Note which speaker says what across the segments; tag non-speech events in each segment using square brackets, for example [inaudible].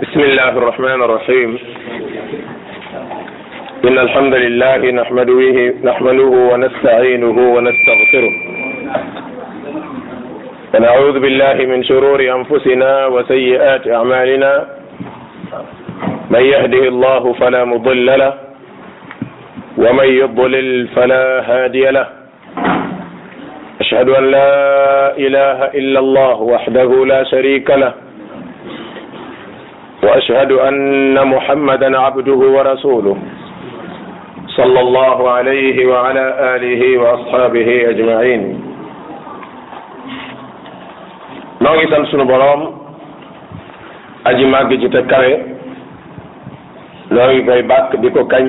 Speaker 1: بسم الله الرحمن الرحيم إن الحمد لله نحمده نحمده ونستعينه ونستغفره ونعوذ بالله من شرور أنفسنا وسيئات أعمالنا من يهده الله فلا مضل له ومن يضلل فلا هادي له أشهد أن لا إله إلا الله وحده لا شريك له waa ان محمدا عبده ورسوله صلى الله عليه وعلى اله واصحابه اجمعين noo ngi sant sunu boroom aji màgg ji te loo noo ngi koy bàkk di ko kañ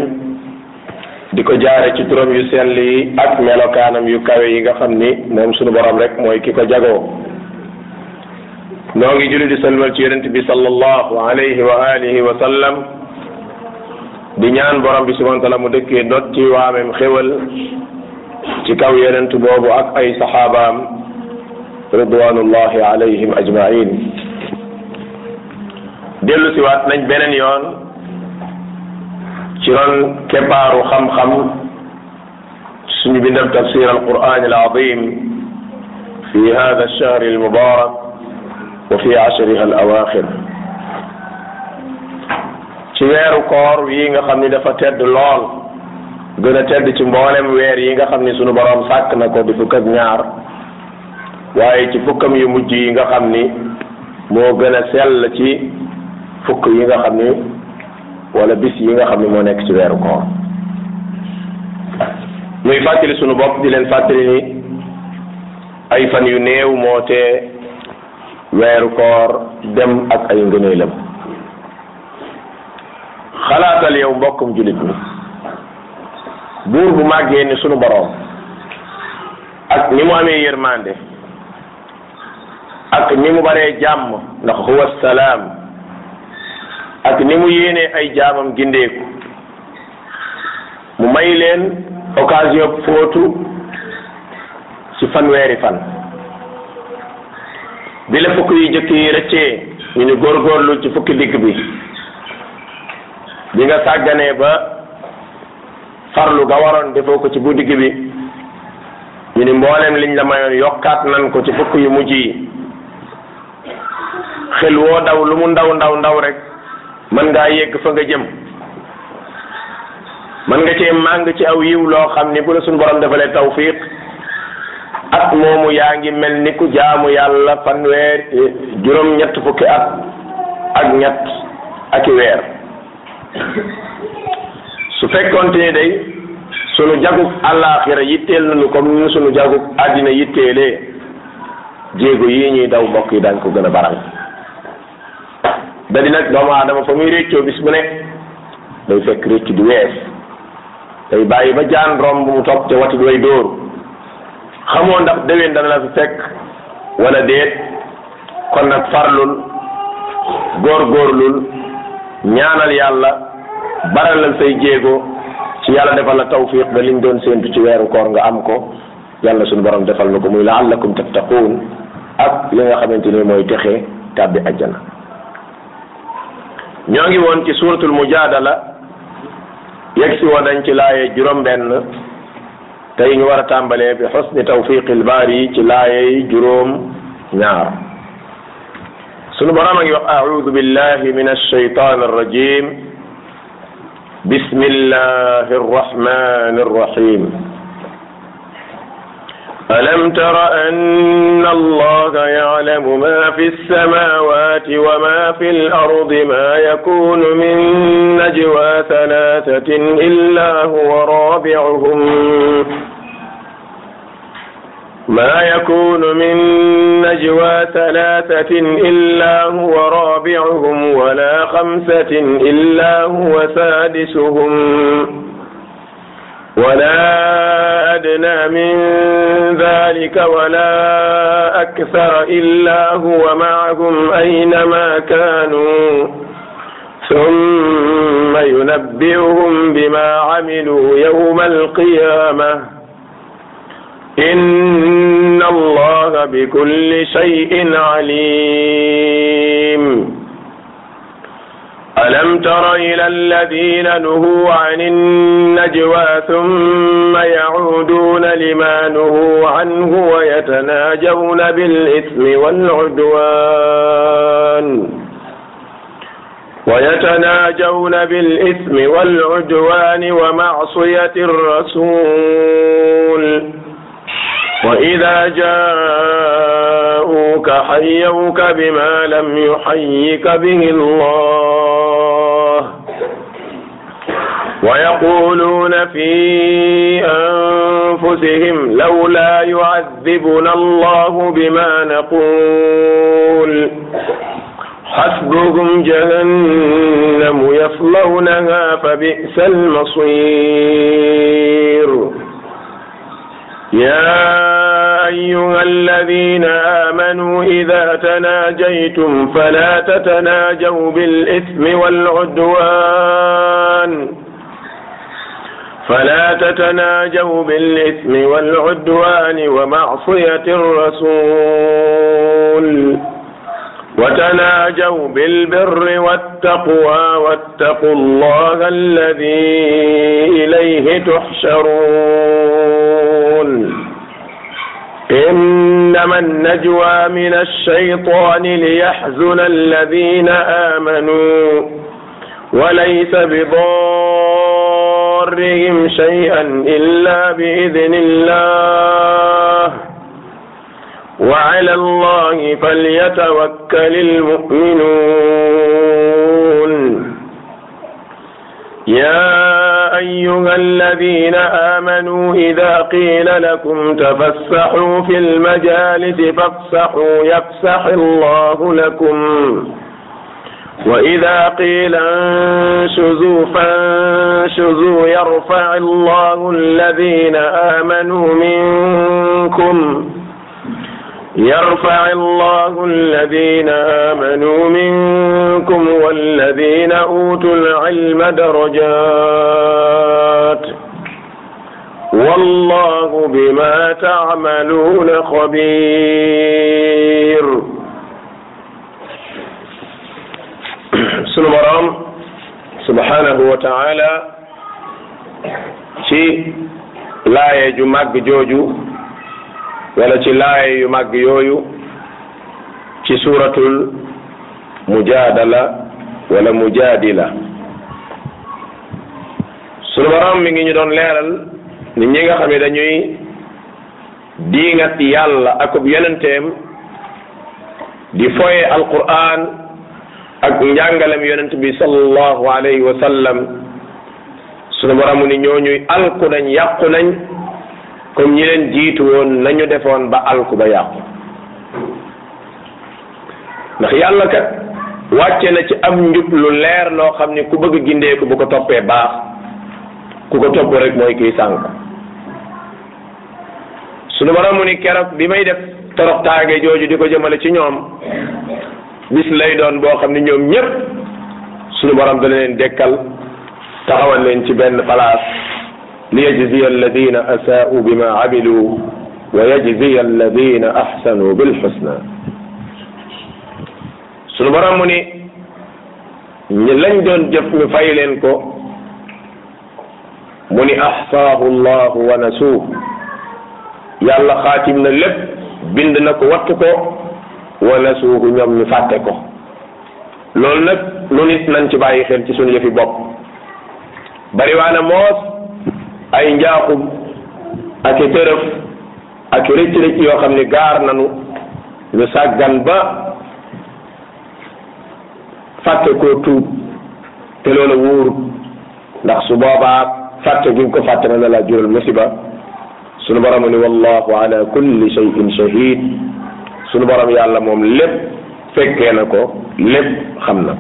Speaker 1: di ko jaare ci turam yu sell yi ak melokaanam yu kawe yi nga xam ni moom sunu boroom rek mooy ki ko jagoo نوغي جلد سلوال جيرنت بي صلى الله عليه وآله وسلم دي نيان برام بي سبحانه وتعالى مدكي دوت تي وامم خيول تي كاو يرنت بوبو اك اي صحابة رضوان الله عليهم أجمعين دلو سوات نج بنن يون شرون كبار خم خم سنبي نبتب القرآن العظيم في هذا الشهر المبارك wa fi ashriha ci weeru koor wii nga xam ni dafa tedd lool gën a tedd ci mboolem weer yi nga xam ni sunu boroom sàkk na ko di fukk ak ñaar waaye ci fukkam yu mujj yi nga xam ni moo gën a sell ci fukk yi nga xam ni wala bis yi nga xam ni moo nekk ci weeru koor muy fàttali sunu bopp di leen fàttali ni ay fan yu néew moo tee weeru koor dem ak ay ngëneelam xalaatal yow mbokkum jullit mi buur bu màggee ni sunu boroom ak ni mu amee yërmande ak ni mu baree jàmm ndax huwa salaam ak ni mu yéenee ay jaamam gindeeku mu may leen occasion fóotu ci fanweeri fan bi la fukk yu jëkk yi rëccee ñu ñu góorgóorlu ci fukki digg bi bi nga sàgganee ba farlu ga waroon defoo ko ci bu digg bi ñu ni mboolem liñ la mayoon yokkaat nan ko ci fukk yu mujj yi xel woo daw lu mu ndaw ndaw ndaw rek mën ngaa yegg fa nga jëm man nga cee màng ci aw yiw loo xam ni bu la suñ borom defalee tawfiq at moomu yaa ngi mel ni ku jaamu yàlla fanweer juróom ñett fukki at ak ñett ak i weer su fekkonte ni day sunu jagub àllaaxira yitteel nañu comme ni sunu jagub àddina yitteelee jéego yi ñuy daw mbokk yi dañ ko gën a baral da di nag doomu aadama fa muy réccoo bis bu ne day fekk réccu di wees day bàyyi ba jaan romb mu topp te watit way dóor xamoo ndax déwén dana la fi fekk wala déet kon nag farlul góorgóorlul ñaanal yàlla baralal say jéego ci yàlla defal la tawfiq ba liñ doon séentu ci weeru koor nga am ko yàlla suñu borom defal na ko muy laallakum tattaquun ak li nga xamante ni mooy texe tàbbi ajjana ñoo ngi woon ci suratul mujadala yegg si woon nañ ci laaye juróom benn tey ñu war a tàmbalee bi xusni tawfiqil baari ci laayey juróom ñaar sunu borom a ngi wax audu billahi min alshaytan arrajim bismillahi arrahmani arrahim ألم تر أن الله يعلم ما في السماوات وما في الأرض ما يكون من نجوى ثلاثة إلا هو رابعهم ما يكون من نجوى ثلاثة إلا هو رابعهم ولا خمسة إلا هو سادسهم ولا أدنى من ذلك ولا أكثر إلا هو معهم أينما كانوا ثم ينبئهم بما عملوا يوم القيامة إن الله بكل شيء عليم ألم تر إلى الذين نهوا عن النجوى ثم يعودون لما نهوا عنه ويتناجون بالإثم والعدوان ويتناجون بالإثم والعدوان ومعصية
Speaker 2: الرسول
Speaker 1: وإذا جاءوك حيوك بما لم يحيك به الله ويقولون في أنفسهم لولا يعذبنا الله بما نقول حسبهم جهنم يصلونها فبئس المصير
Speaker 2: يا
Speaker 1: أيها الذين آمنوا إذا تناجيتم فلا تتناجوا بالإثم والعدوان فلا تتناجوا بالإثم والعدوان ومعصية
Speaker 2: الرسول
Speaker 1: وتناجوا بالبر والتقوى واتقوا الله الذي إليه تحشرون إنما النجوى من الشيطان ليحزن الذين آمنوا وليس بضارهم شيئا إلا بإذن الله وعلى الله فليتوكل المؤمنون يا أيها الذين آمنوا إذا قيل لكم تفسحوا في المجالس فافسحوا يفسح الله لكم وإذا قيل انشزوا فانشزوا يرفع الله الذين آمنوا منكم
Speaker 2: يرفع
Speaker 1: الله الذين آمنوا منكم والذين أوتوا العلم درجات والله بما تعملون خبير سنمرام سبحانه وتعالى شيء لا يجمع جوجو wala ci laaye yu màgg yooyu ci suuratul mujaadala wala mujaadila sunu borom mi ngi ñu doon leeral nit ñi nga xam ne dañuy diingat yàlla akub yonenteem di foye alquran
Speaker 2: ak njàngalem
Speaker 1: yonent bi sallallahu alayhi wa sallam sunu borom ni ñooñuy alku nañ yàqu nañ comme ñi leen jiitu woon nañu defoon ba alku ba yàqu ndax yàlla kat wàcce na ci am njub lu leer loo xam ni ku bëgg gindeeku bu ko toppee baax ku ko topp rek mooy kii sànq sunu borom mu ni keroog bi may def torox taage jooju di ko jëmale ci ñoom bis lay doon boo xam ni ñoom ñépp sunu borom dana leen dekkal taxawal leen ci benn place ليجزي الذين اساءوا بما عملوا ويجزي الذين احسنوا بالحسنى سونو بارام موني ني لاني دون جيف مي فاي لينكو موني احصاه الله ونسوه يالا خاتم نا لب بند نكو واتكو ونسوه نيوم ني فاتيكو لول نك لونيت نان سي باي خيل سي سونو يفي بوب بريوانا موس ay njaaxum ak i tërëf ak i rëcc rëcc yoo xam ne gaar nanu lu sàggan ba fàtte koo tuub te loola wóorut ndax su boobaa fàtte gi ko fàtte mën la laa jural musiba sunu borom ni wallahu ala kulli shay'in shahid sunu borom yàlla moom lépp fekkee na ko lépp xam na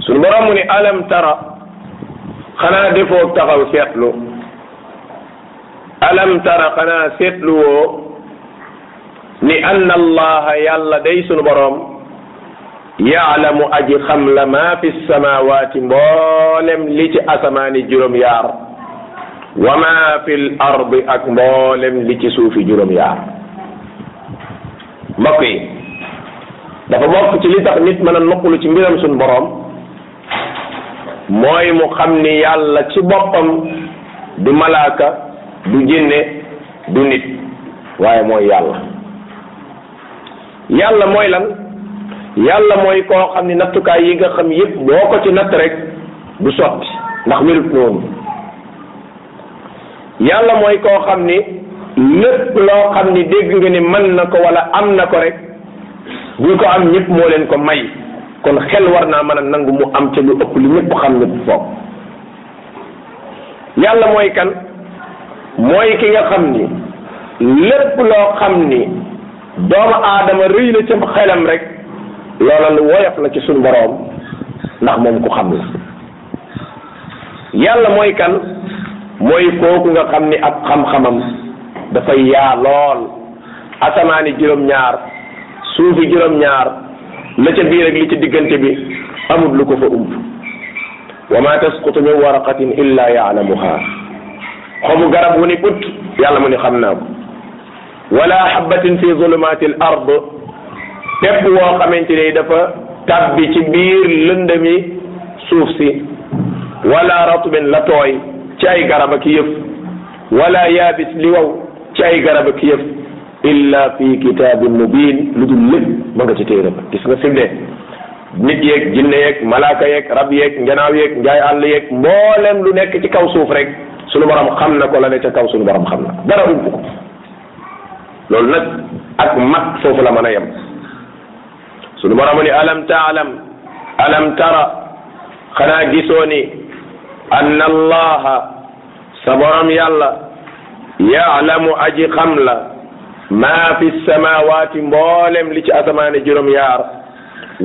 Speaker 1: sunu borom alam tara xanaa defoo taxaw seetlu alam tara xanaa seetlu woo ni anna allaha yàlla day sunu boroom yaalamu aji xam la maa fi samawaati mboolem li ci asamaani juróom wa maa fil ardi ak mboolem li ci suufi juróom-yaar yi dafa bokk ci li tax nit mën a ci mbiram sunu boroom mooy mu xam ni yàlla ci boppam du malaaka du jinne du nit waaye mooy yàlla yàlla mooy lan yàlla mooy koo xam ni nattukaay yi nga xam yépp boo ko ci natt rek du sotti ndax melut noonu yàlla mooy koo xam ni lépp loo xam ni dégg nga ni mën na ko wala am na ko rek buñ ko am ñëpp moo leen ko may kon xel war naa mën a nangu mu am ca lu ëpp li ñëpp xam ñëpp foog yàlla mooy kan mooy ki nga xam ni lépp loo xam ni doomu aadama rëy na ca xelam rek loola lu woyof la ci suñu boroom ndax moom ku xam la yàlla mooy kan mooy kooku nga xam ni ab xam-xamam dafay yaa lool asamaani juróom-ñaar suufi juróom-ñaar la ca biir ak li ci diggante bi amul lu ko fa umb wa ma tasqutu min waraqatin illa yaalamuha xobu garab wu ni ut yàlla mu ni xam naa ko wala habatin fi zulumati l ard tepp woo xamante ne dafa tabbi ci biir lëndami suuf si wala ratbin la tooy ci ay garab ak yëf wala yaabis li wow ci ay garab ak yëf illa fi kitaabin mubin lu dul lépp ma nga ci téere ba gis nga fi mu ne nit yeeg jinne yeeg malaaka yeeg rab yeeg njanaaw yeeg njaay àll yeeg mboolem lu nekk ci kaw suuf rek sunu borom xam na ko la ne ca kaw sunu borom xam na ko dara ump ko loolu nag ak mag foofu la mën a yem sunu borom ni alam taalam alam tara xanaa gisoo ni anna allaha sa borom yàlla yaalamu aji xam la maa fi samawaati mboolem li ci asamaane juróom-ñaar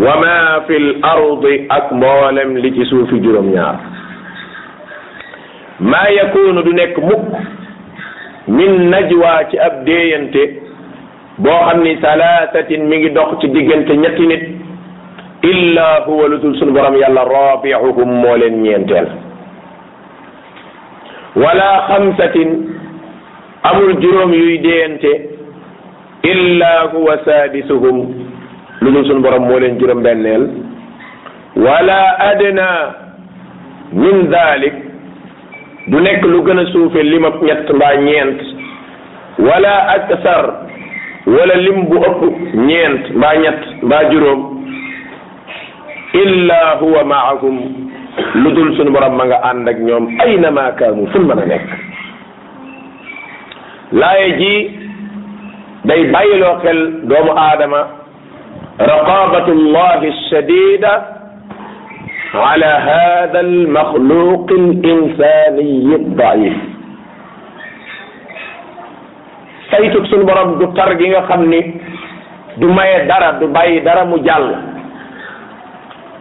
Speaker 1: wa maa fi l ak mboolem li ci suufi juróom-ñaar maa yakunu du nekk mukk min najwa ci ab boo xam ni salaatatin mi ngi dox ci diggante ñetti nit illa huwa lutul sunu borom yàlla rabiuhum moo leen ñeenteel wala xamsatin amul juróom yuy déeyante illa huwa saadisuhum lu dul suñu borom moo leen juróom benneel wala adna min dalik du nekk lu gën a suufe lim ab ñett mbaa ñeent wala aksar wala lim bu ëpp ñeent mbaa ñett mbaa juróom illa huwa maahum lu dul suñu borom ma nga ànd ak ñoom aynama kaanu fu mën a nekk laaye ji day bàyyiloo xel doomu aadama raqabatullahi shadida ala hada almaxluq alinsaniyi daif saytug suñu borom du tar gi nga xam ni du maye dara du bàyyi dara mu jàll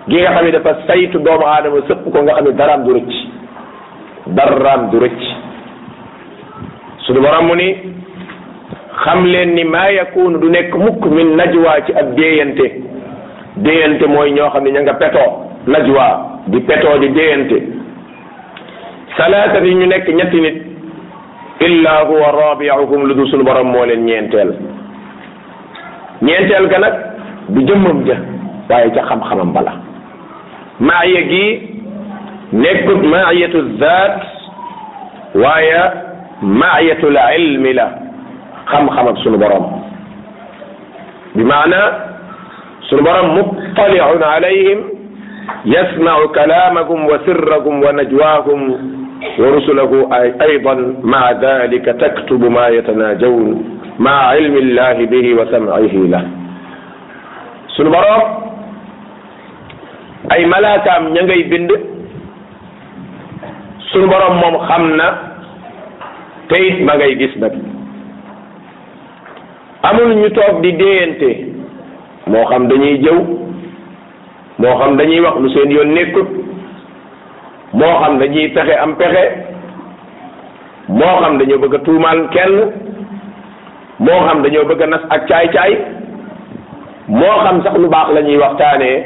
Speaker 1: gi nga xam ni dafa saytu doomu aadama sëpp ko nga xam ni daraam du rëcc daraam du rëcc suñu borom mu ni xam leen ni maa yakunu du nekk mukk min najwa ci ak déeyante déeyante mooy ñoo xam ne ña nga petoo najwa di petoo di déeyante salaatan yi ñu nekk ñetti nit illa huwa rabiuhum lu dul suñu borom moo leen ñeenteel ñeenteel ga nag du jëmmam ja waaye ca xam-xamam bala maaya gi nekkut maayatu zaat waaye maayatul ilmi la خم خم سنو برام بمعنى سنو برام مطلع عليهم يسمع كلامكم وسركم ونجواكم ورسله أيضا مع ذلك تكتب ما يتناجون مع علم الله به وسمعه له سنو برام أي ملاكا من ينجي بند سنو برام مم تيت ما جاي جسمك amul ñu toog di déyante moo xam dañuy jëw moo xam dañuy wax lu seen yoon nekkut moo xam dañuy pexe am pexe moo xam dañoo bëgg a tuumaal kenn moo xam dañoo bëgg a nas ak caay-caay moo xam sax lu baax la ñuy waxtaanee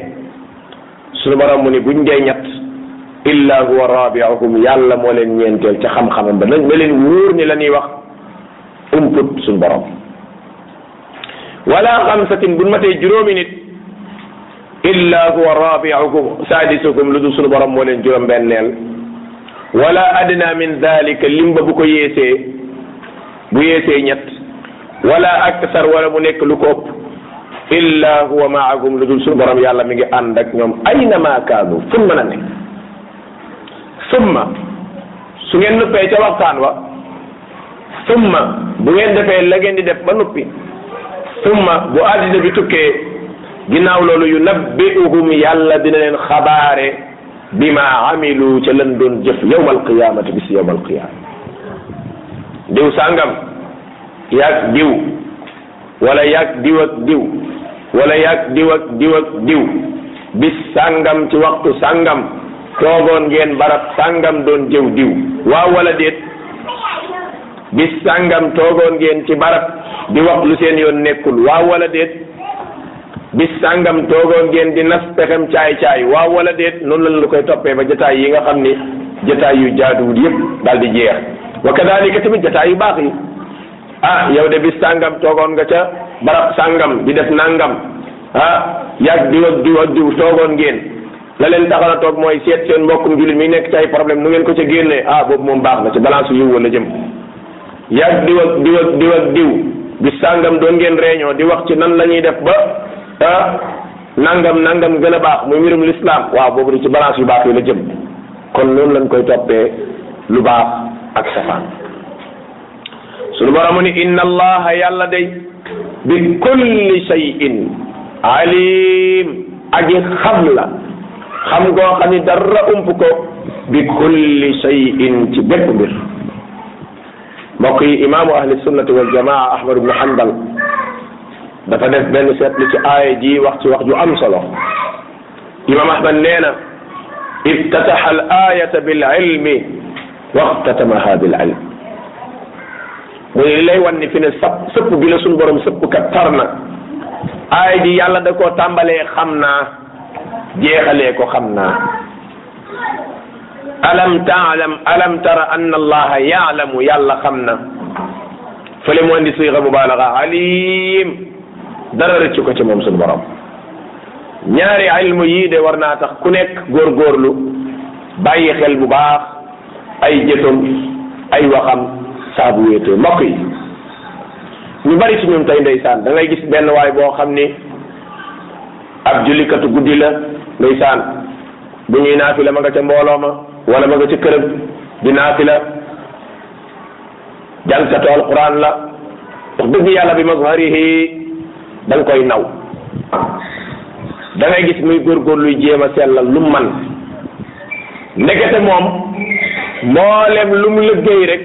Speaker 1: suñu borom mu ne buñ dee ñett illa huwa rabi'uhum yàlla moo leen ñeenteel ca xam-xamam ba na leen wóor ni la ñuy wax umput suñu borom wala xamsatin buñ matee juróomi nit illa huwa rabiukum sadisukum lu dul sunu borom moo leen benneel wala adna min dalika limba bu ko yeesee bu yeesee ñett wala aksar wala mu nekk lu ko illa huwa maakum lu dul sunu borom yàlla mi ngi ànd ak ñoom aynama kaanu fu mën a nekk summa su ngeen nuppee ca waxtaan wa summa bu ngeen defee la ngeen di def ba nuppi summa bu addina bi tukkee ginnaaw loolu yu nabbi'uhum yàlla dina leen xabaare bima amilu ca lan doon jëf yawma alqiyamati bis yawma alqiyama diw sàngam yaag diw wala yaag diw ak diw wala yaag diw ak diw ak diw bis sàngam ci waxtu sàngam toogoon ngeen barab sàngam doon jëw diw waaw wala déet bis sàngam toogoon ngeen ci barab di wax lu seen yoon nekkul waaw wala déet bis sàngam toogoon ngeen di nas pexem caay caay waaw wala déet noonu lañ la koy toppee ba jataay yi nga xam ni jataay yu jaaduwul yépp daal di jeex wa kadalika tamit jataay yu baax yi ah yow de bis sàngam toogoon nga ca barab sàngam bi def nàngam ah yàgg di ak diw ak diw toogoon ngeen la leen taxana toog mooy seet seen mbokkum jullit mi nekk ci ay problème nu ngeen ko ca génnee ah moom baax na ci balance yu wala jëm yaag diw ak diw ak diw ak diw bi sàngam doon ngeen réunion di wax ci nan la ñuy def ba ah nangam nangam gën a baax muy mbirum l'islam waaw boobu di ci balance yu baax yi la jëm kon noonu lañ koy toppee lu baax ak safaan sunu boromu ni inna allaha yàlla day bi kulli shay'in alim aji xam la xam goo xam ni dara ump ko bi kulli shay'in ci bépp mbir mbokk yi imaamu ahli sunnati wal jamaa ahmad ibnu hanbal dafa def benn seetlu ci aaya ji wax ci wax ju am solo imam ahmad nee na افتتح الآية بالعلم واختتمها بالعلم muy lay wan ni fi ne sëpp sëpp bi la suñ borom sëpp kat tar na aay ji yàlla da koo tàmbalee xam naa jeexalee ko xam naa alam taalam alam tara anna allaha yaalamu yàlla xam na fële mu andi siga mubaalaga alim dara rëccu ko ci moom suñu borom ñaari ilmu yii de war naa tax ku nekk góorgóorlu bàyyi xel bu baax ay jëfam ay waxam saabu wéetee mbokk yi ñu bari ci ñun tey ndeysaan da ngay gis benn waay boo xam ni ab jullikatu guddi la ndeysaan bu ñuy naafila ma nga ca mbooloo ma wala ma nga ci di naafila jàngkatu alquran la wax dëgg yàlla bi mazharihi da koy naw da ngay gis muy góorgóorluy jéem a sellal lu man ndekete moom mboolem lu mu liggéey rek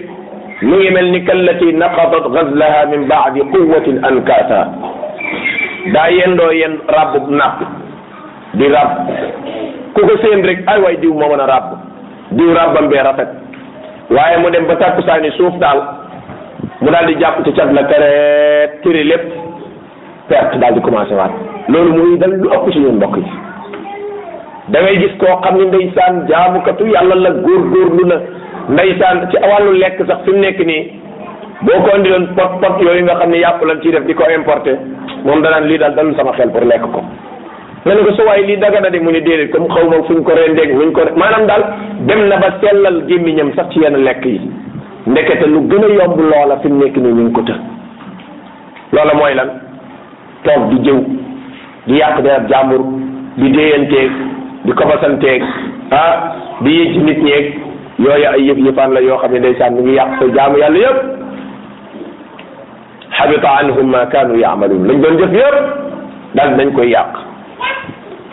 Speaker 1: mu ngi mel ni kallati naqadat gazlaha min baadi quwatin ankaasa daa yendoo yen di ràbb ku ko ay waay diw moo mën a ràbb diw ràbbam bee rafet waaye mu dem ba tàkkusaani suuf daal mu daal di jàpp ci cat la kareet tëri lépp perte daal di commencé waat loolu muy dal lu ëpp ci ñun mbokk yi da ngay gis koo xam ne ndeysaan jaamukatu yàlla la góorgóorlu na ndeysaan ci wàllu lekk sax fi mu nekk nii boo ko andi doon pot pot yooyu nga xam ne yàpp lañ ciy def di ko importé moom danaan lii daal dalul sama xel pour lekk ko nga ne ko sa waay lii dagana na mu ne déedéet comme xaw ma fuñ ko rendeeg luñ ko maanaam daal dem na ba sellal gémmiñam sax ci yenn lekk yi ndekete lu gën a yomb loola fi mu nekk nii ñu ko të loola mooy lan toog di jëw di yàq de ab jàmbur di déyanteeg di kobasanteeg ah di yëj ci nit ñeeg yooyu ay yëf yëfaan la yoo xam ne ndeysaan mi ngi yàq sa jaamu yàlla yëpp xabita anhum ma kaanu yaamaluun lañ doon jëf yëpp daal nañ koy yàq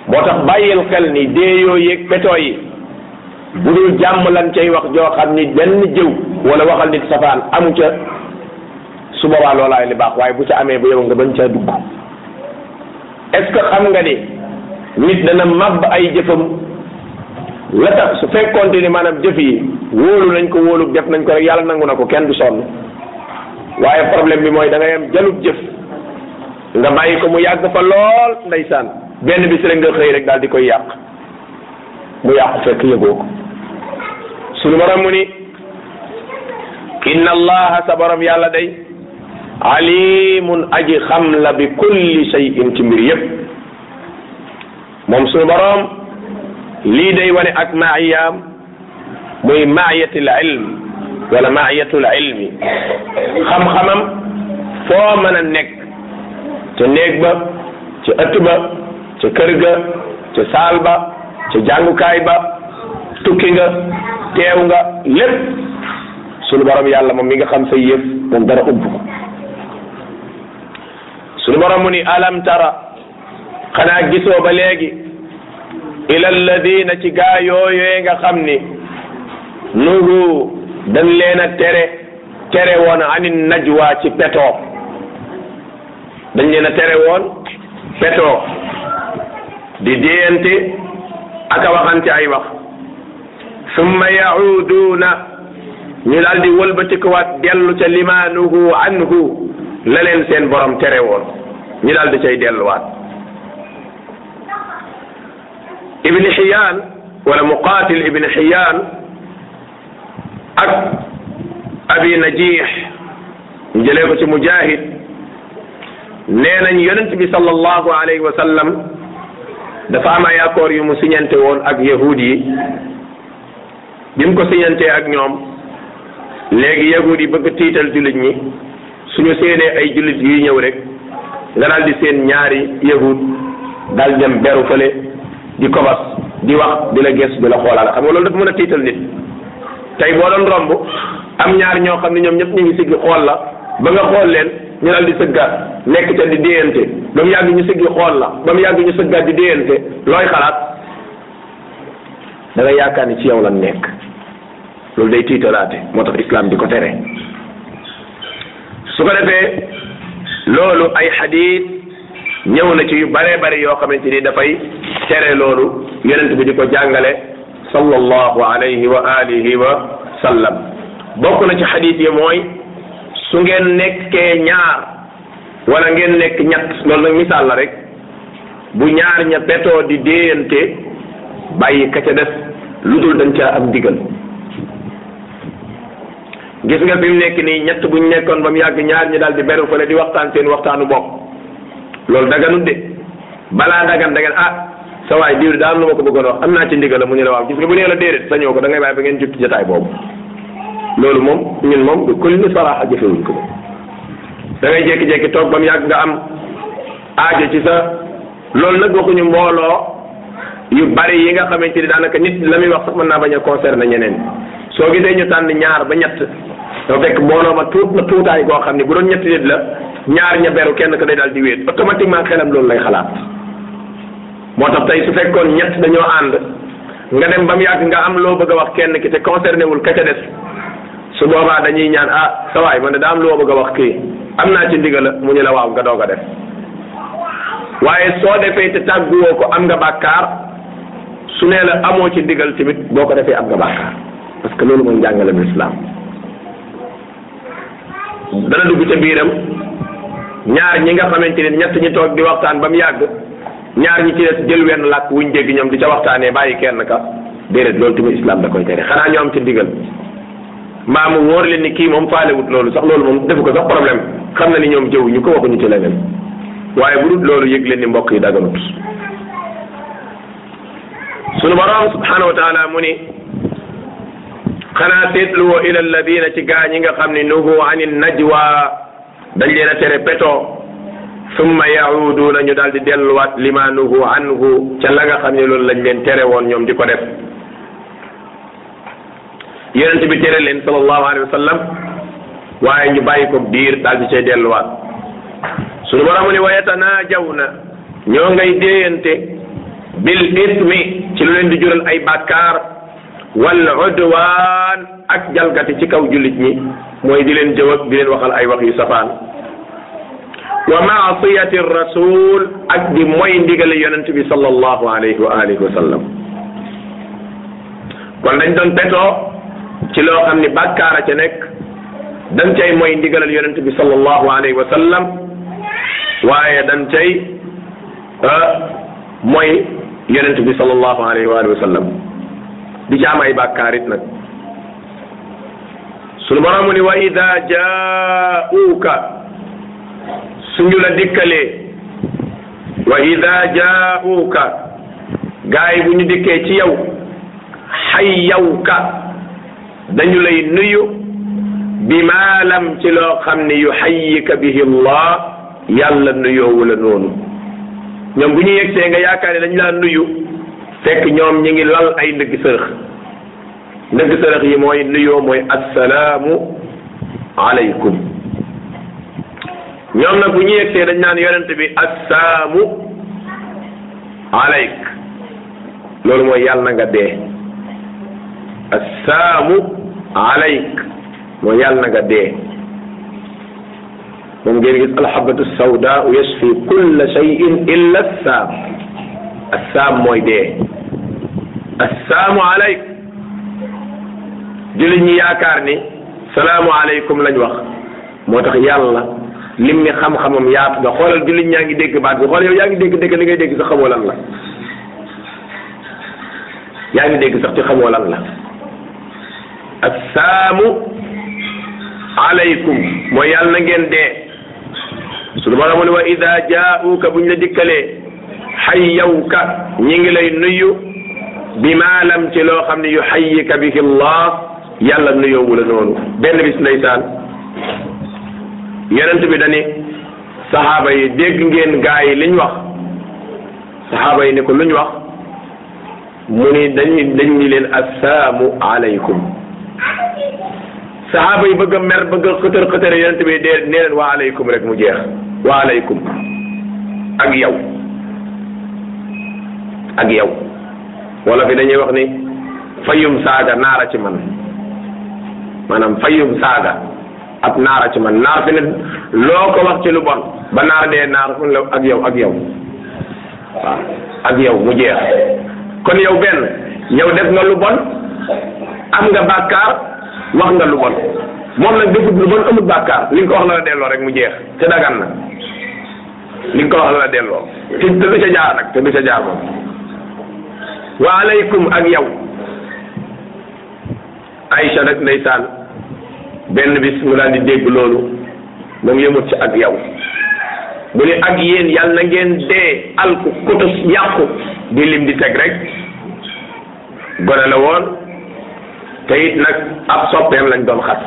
Speaker 1: moo tax bàyyil xel ni déeyoo yeeg petoo yi bu dul jàmm lan cay wax joo xam ni benn jëw wala waxal nit safaan amu ca su boobaa loolaay li baax bu ca amee ba yow nga bañ caa dugg est-ce que nga ni nit dana màbb ay jëfam la tax su ni maanaam jëf yi wóolu nañ ko wóolu def nañ ko rek yàlla nangu na ko kenn du sonn waaye problème bi mooy da ngay am jalut jëf nga bàyyi ko mu yàgg fa lool ndeysaan benn bis rek nga xëy rek daal di koy yàq mu yàq fekk yëgoo ko sunu borom mu ni inna allaha sa borom yàlla day alimun aji xam la bi kulli shay'in ci mbir yépp moom sunu borom lii day wane ak maayaam muy maayatil ilm wala maayatul ilmi xam-xamam foo mën a nekk ca néeg ba ca ëtt ba ca kër ga ca saal ba ca jàngukaay ba tukki nga teew nga lépp sunu borom yàlla moom mi nga xam say yëf moom dara ubb ko sunu borom mu ni alam tara xanaa gisoo ba léegi ila alladina ci gaa yooyee nga xam ni nuhu dañ leen a tere tere woon anin najwa ci peto dañ leena a tere woon petoo di déyante ak ay wax summa yauduuna ñu daal di wëlbatikuwaat dellu ca limaanuhu anhu la leen seen borom tere woon ñu daal di cay delluwaat ibn xiyaan wala muqaatil ibn xiyaan ak abi najiix ñu jëlee ko ci mujaahid nee nañ yonent bi sallallahu alayhi wa dafa am ay accord yu mu siñante woon ak yahud yi bi mu ko siñantee ak ñoom léegi yahud yi bëgg tiital jullit ñi suñu séenee ay jullit yuy ñëw rek nga daal di seen ñaari yahud daal dem beru fële di kobas di wax di la gës di la xoolaal xam nga loolu dafa mën a tiital nit tey boo doon romb am ñaar ñoo xam ne ñoom ñëpp ñu ngi siggi xool la ba nga xool leen ñu daal di sëggaat nekk ca di déyante ba mu yàgg xool la ba mu ñu sëggaat di déyante looy xalaat da nga yaakaar ni ci yow lan nekk loolu day tiitalaate moo tax islam di ko tere su ko defee loolu ay xadiit ñëw na ci yu bare bari yoo xamante ni dafay tere loolu yonent bi di ko jàngale sallallahu alayhi wa alihi wa sallam bokk na ci xadiit yi su ngeen nekkee ñaar walla ngeen nekk ñett loolu nag misaal la rek bu ñaar ña petoo di déeyante bàyyi ka ca des lu dul dañ ca am digal gis nga fi mu nekk nii ñett buñ nekkoon ba mu yàgg ñaar ñi daal di beru fële di waxtaan seen waxtaanu bopp loolu daganut de balaa dagan da ngeen ah sa waay diw daal lu ma ko bëggoon wax am naa ci ndigal la mu ne la waaw gis nga bu nee la déedéet sañoo ko da bàyyi ba ngeen jukki jotaay boobu loolu moom ñun moom du kulli saraaxa jëfewuñ ko dangay ngay jékki toog ba mu yàgg nga am aajo ci sa loolu nag waxuñu mbooloo yu bari yi nga xamante ni daanaka nit la muy wax sax mën naa bañ a concerner ñeneen soo gisee ñu tànn ñaar ba ñett soo fekk mbooloo ma tuut na tuutaay goo xam ne bu doon ñetti nit la ñaar ña beru kenn ko day daal di wéet automatiquement xelam loolu lay xalaat moo tax tey su fekkoon ñett dañoo ànd nga dem ba mu yàgg nga am loo bëgg wax kenn ki te concerné wul ka ca su boobaa dañuy ñaan ah sa waay man de daa am loo bëgg a wax kii am naa ci ndigal mu ñu la waaw nga doog a def waaye soo defee te tàgguwoo ko am nga bàkkaar su nee la amoo ci ndigal tamit boo ko defee am nga bàkkaar parce que loolu mooy njàngalem islam dana dugg ca biiram ñaar ñi nga xamante ni ñett ñi toog di waxtaan ba mu yàgg ñaar ñi ci des jël wenn làkk wuñ dégg ñoom di ca waxtaanee bàyyi kenn ka déedéet loolu tamit islam da koy tere xanaa ñoo am ci ndigal maamu woor leen ni kii moom faalewut loolu sax loolu moom defu ko sax problème xam na ni ñoom jëw ñu ko waxuñu ci leneen waaye bu dul loolu yég leen ni mbokk yi daganut sunu borom subhanahu wa taala mu ni xanaa seetluwoo ila alladina ci gaa ñi nga xam ni nuhu anil waa dañ leen a tere peto summa yauduna ñu daal di delluwaat lima nuhu ca la nga xam ne loolu lañ leen tere woon ñoom di ko def yonente bi tere leen sallallahu alayhi wa sallam waaye ñu bàyyi ko diir daal di delluwaat suñu borom mu ne wa ñoo ngay déeyante bil ismi ci lu leen di jural ay bàkkaar wal udwaan ak jalgati ci kaw jullit ñi mooy di leen jëw ak di leen waxal ay wax yu safaan wa maasiyati rasul ak di mooy ndigale yonent bi sallallahu alayhi wa sallam kon dañ doon ci loo am ni bàkkaar a ca nekk dañ cay mooy ndigalal yonent bi sallallahu alayhi wa sallam waaye dañ cay euh, mooy yonent bi sallallahu alayhi wa di ca am ay bàkkaar it nag sunu borom mu ni wa ida jaauka suñu la dikkalee wa ida jaauka gaay bu ñu dikkee ci yow xayyawka dañu lay nuyu bi maalam ci loo xam ne yuhayyika bihi allah yàlla nuyoowu la noonu ñoom bu ñuy yegsee nga yaakaar ne dañu laa nuyu fekk ñoom ñu ngi lal ay ndëgg sërëx ndëgg sërëx yi mooy nuyoo mooy assalaamu aleykum ñoom nag bu ñu yegsee dañ naan yorant bi assaamu aleyk loolu mooy yàlla nga dee assaamu alayk mooy yàlla na nga dee moom ngeen gis alxabatu sawda yashfi kulla shayin illa assaam assaam mooy dee assaamu alayk jullit ñi yaakaar ni salaamu aleykum lañ wax moo tax yàlla lim ni xam-xamam yaatu nga xoolal jullit ñaa ngi dégg baat bi xool yow yaa ngi dégg dégg li ngay dégg sax xamoo lan la yaa ngi dégg sax ci xamoo lan la assaamu alaykum mooy yàlla na ngeen de sunu borom mu ne wa ida jaauka buñ la dikkalee xayyawka ñi ngi lay nuyu bi maalam ci loo xam ne yu xayyika bihi allah yàlla nuyoowu la noonu benn bis ndeysaan yonent bi dani saxaaba yi dégg ngeen gaa yi liñ wax saxaaba yi ne ko luñ wax mu ni dañuy dañ ni leen alaykum saxaaba yi bëgg a mer bëgg a xëtër xëtër yonent bi waa aleykum rek mu jeex waa aleykum ak yow ak yow wala fi dañuy wax ni fayum saaga naara ci man maanaam fayum saaga ab naara ci man naar fi ne loo ko wax ci lu bon ba naar dee naar mun la ak yow ak yow ak yow mu jeex kon yow benn yow def nga lu bon am nga bàkkaar wax nga lu bon moom nag defut lu bon amut bàkkaar li nga ko wax la la delloo rek mu jeex te dagan na li nga ko wax la la delloo te te du ca nag te du ca jaar wa aleykum ak yow Aïcha nag ndeysaan benn bis mu daal di dégg loolu moom yëmut ci ak yow bu ne ak yéen yàlla na ngeen dee alku kutus yàqu di lim di teg rek gone la woon te it nag ab soppeem lañ doon xas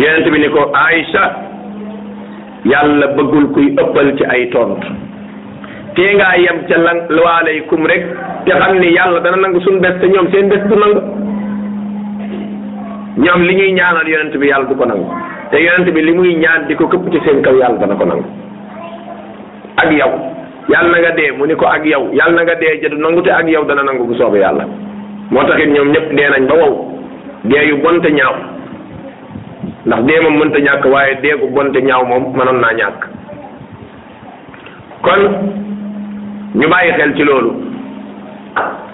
Speaker 1: yenent bi ni ko Aïcha yàlla bëggul kuy ëppal ci ay tontu tee ngaa yem ca lan waaleykum rek te xam ni yàlla dana nangu suñ bés te ñoom seen bés du nangu ñoom li ñuy ñaanal yonent bi yàlla du ko nangu te yonent bi li muy ñaan di ko këpp ci seen kaw yàlla dana ko nangu ak yow yàlla na nga dee mu ni ko ak yow yàlla na nga dee jëdu nangu te ak yow dana nangu bu soobee yàlla moo taxit ñoom ñépp dee nañ ba wow dee yu bonte ñaaw ndax dee moom mënta ñàkk waaye dee gu bonte ñaaw moom manoon naa ñàkk kon ñu bàyyi xel ci loolu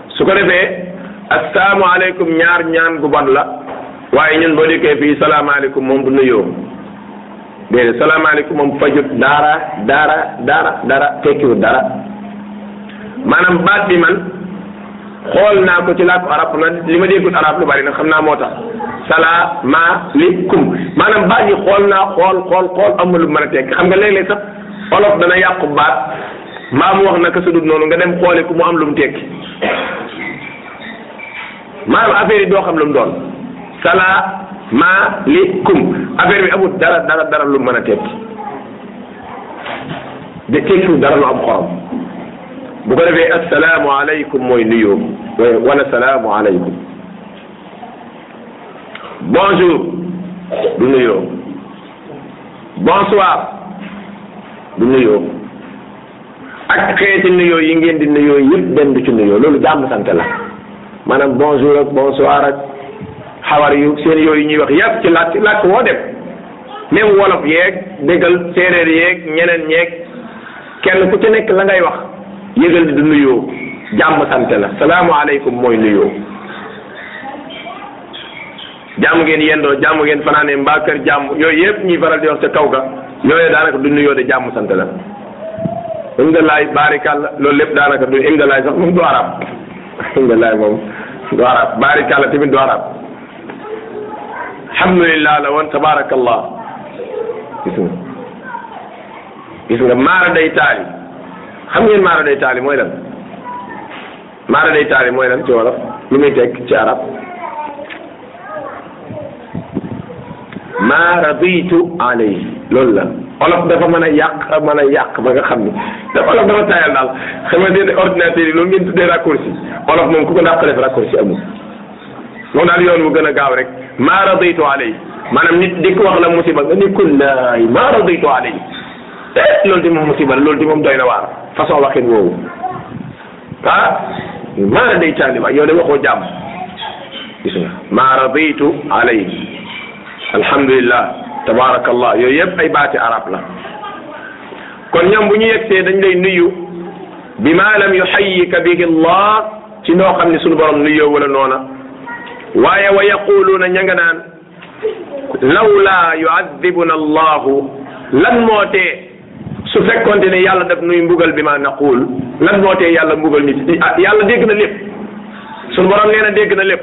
Speaker 1: su ko defee assalaamu aleykum ñaar ñaan gu la waaye ñun boo dikkee fii salaamaaleykum moom bu du nuyoo déedéet salaamaaleykum moom fajut dara dara dara dara tekkiwut dara maanaam baat bi man xool naa ko ci làkku arab na li ma déggul arab lu bari na xam naa moo tax salaamaaleykum maanaam baat yi xool naa xool xool xool amul lu man a tekki xam nga léeg-léeg sax olof dana yàqu baat mbaa mu wax naka sudut noonu nga dem xoole ku mu am lu mu tekki maanaam affaire yi doo xam lu mu doon salaamaaleykum affaire bi amul dara dara dara lu mën a tekki de tekkiwul dara lu am xorom bu ko defee asalaamaaleykum mooy nuyoo wala salaamualeykum bonjour du nuyoo bonsoir du nuyoo ak xeeti nuyoo yi ngeen di nuyoo yëpp benn du ci nuyoo loolu jàmm sant la maanaam bonjour ak bonsoir ak xawar yu seen yooyu ñuy wax yëpp ci làkk làkk woo dem même wolof yeeg déggal séeréer yeeg ñeneen ñeeg kenn ku ci nekk la ngay wax. yëgal di du nuyoo jàmm sante la salaamualeykum mooy nuyoo jàmm ngeen yendoo jàmm ngeen fanaanee mbaa jàmm yooyu yëpp ñuy faral di wax ca kaw ga yooyu daanaka du nuyoo de jàmm sant la indalaay baarikàlla loolu lépp daanaka du indalaay sax moom du arab [laughs] indalaay moom du arab baarikàlla tamit arab alhamdulillah la woon tabaarakallah nga gis nga maara day taali xam ngeen maara day taali mooy lan maara day taali mooy lan ci wolof lu muy ci arab maa raditu alayhi loolu la olof dafa mën a yàq mën a yàq ba nga xam ni te olof dafa taayal daal xam nga ne ordinateur yi loolu ngeen tuddee raccourci olof moom ku ko dàq def raccourci amul moom daal yoon bu gën a gaaw rek maa raditu alayhi maanaam nit di ko wax la musiba nga ni kullaay maa raditu alayhi loolu di moom musiba la loolu di moom doy na waar façon waxin woowu ah maara day taaliba yow de waxoo jàmm gis nga maa raditu alay alhamdulillah tabarakallah yooyu yëpp ay baati arab la kon ñoom bu ñu yegsee dañ lay nuyu bi ma lam yuxayyika bihi allah ci noo xam ne sunu borom nuyoo wala noona waaye wa yaquluuna ña nga naan lawla yuadibuna allahu lan moo tee su fekkonte ne yàlla def nuy mbugal bi ma naquul lan moo tee yàlla mbugal ni nit ah, yàlla dégg na lépp sunu borom nee na dégg na lépp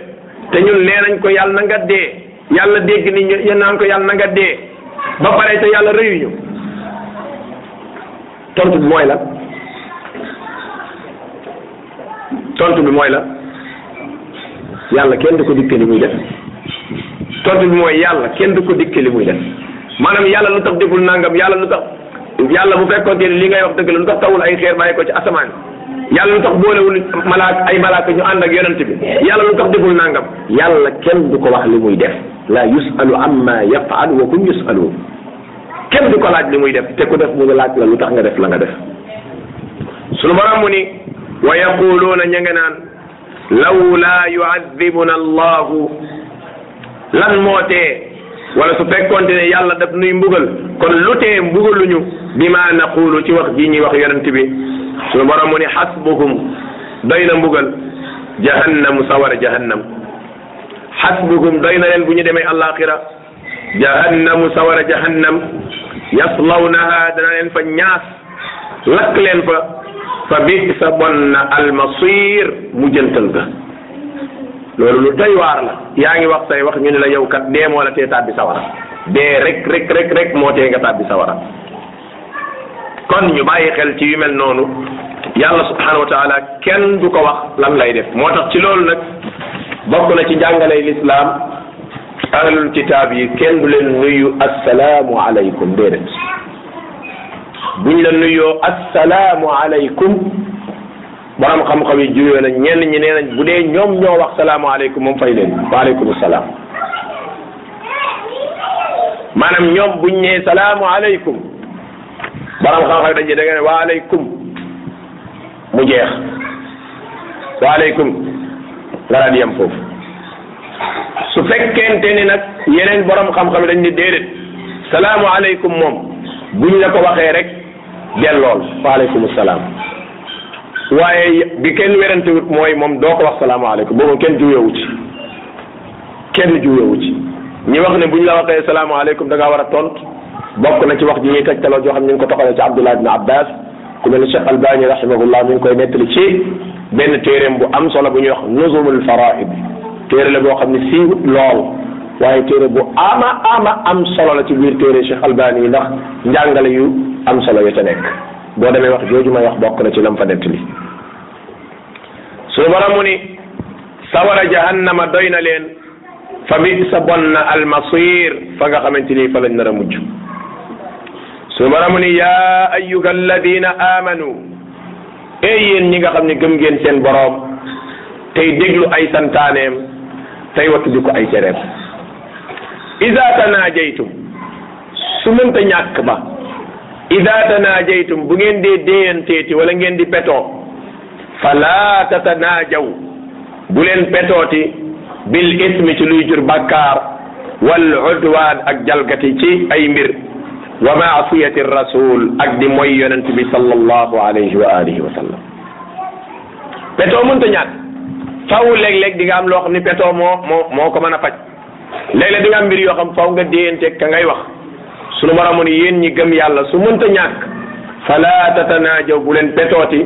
Speaker 1: te ñun nee nañ ko yàlla na nga dee yàlla dégg ni ñu naan ko yàlla na nga dee ba pare te yàlla rëyu ñu tontu bi mooy la tontu bi mooy la yàlla kenn du ko dikke li muy def tontu bi mooy yàlla kenn du ko dikke li muy def maanaam yàlla lu tax deful nangam yàlla lu tax. yàlla bu fekkoon ne li ngay wax dëgg la lu tax tawul ay xeer bàyyi ko ci asamaan yàlla lu tax boolewul malaak ay malaaka ñu ànd ak yonent bi yàlla lu tax deful nangam yàlla kenn du ko wax li muy def la yusalu amma yafaal wa kum yusaluun kenn du ko laaj li muy def te ku def mu laaj la lu tax nga def la nga def sunu borom mu ni wa yaquluuna ña nga naan lawla yuadibuna allahu lan moo tee wala su fekkoonte ne yàlla daf nuy mbugal kon lu tee mbugaluñu bi ma naqulu ci wax ji ñuy wax yonent bi suñu borom mu ni xasbuhum doy na mbugal jahannamu sawara jahannam xasbuhum doy na leen bu ñu demee àllaaxira jahannamu sawara jahannam yaslawnaha dana leen fa ñaas lakk leen fa fa bi sa bon na almasir mu jëntal loolu lu doy waar yaa ngi wax say wax ñu ne la yow kat dee moo la tee tàbbi sawara dee rek rek rek rek moo tee nga tàbbi sawara kon ñu bàyyi xel ci yu mel noonu yàlla subhanahu wa kenn du ko wax lan lay def moo tax ci loolu nag bokk na ci njàngaley lislaam ahlul kitaab yi kenn du leen nuyu assalaamu alaykum déedéet buñ la nuyoo borom xam-xam yi jiwee nañ ñenn ñi nee bu dee ñoom ñoo wax salaamaaleykum moom fay leen waaleykum salaam maanaam ñoom buñ nee salaamaaleykum borom da nga ne mu jeex waaleykum nga daal yem foofu su fekkente ni nag yeneen borom xam-xam yi dañ ne déedéet salaamaaleykum moom buñ la ko waxee rek dellool waaleykum salaam. waaye bi kenn werante wut mooy moom doo ko wax salaamaaleykum boobu kenn juyewu ci kenn juyewu ci ñi wax ne bu ñu la waxee salaamaaleykum da ngaa war a tontu bokk na ci wax ji ñuy tegtaloo joo xam ñu ngi ko toxalee ci Abdullah ibn Abbas ku mel ne Cheikh Albani rahimahullah mi ngi koy nettali ci benn téereem bu am solo bu ñuy wax nuzumul faraid téere la boo xam ne siiwut lool waaye téere bu am solo la ci biir téere Cheikh Albani yi ndax njàngale yu am solo ya ca nekk. boo demee wax jooju ma wax bokk na ci lam fa nettali suñu borom mu ni sawara jahannama doy na leen fa bi sa bon na almasir fa nga xamante ni fa lañ nar a mujj suñu borom mu ni yaa ayyuha alladina amanu ey yéen ñi nga xam ne gëm ngeen seen boroom tey déglu ay santaaneem tey wattu di ko ay cereem ida tanajaytum su mënta ñàkk ba ida tanaajaytum bu ngeen dee déyanteeti wala ngeen di petoo falaa tatanaajaw bu leen petooti bil ismi ci luy jur bakkaar wal udwaan ak jalgati ci ay mbir wa maasiyati rasul ak di moy yonent bi sallallahu alayhi wa alihi wa sallam ñaat faw léeg-léeg di nga am loo xam ni petoo moo ko mën a faj léeg-léeg di nga am mbir yoo xam faw nga déyanteeg ka ngay wax sunu borom mu ne yéen ñi gëm yàlla su mënta ñàkk fala tatanaajaw bu leen petooti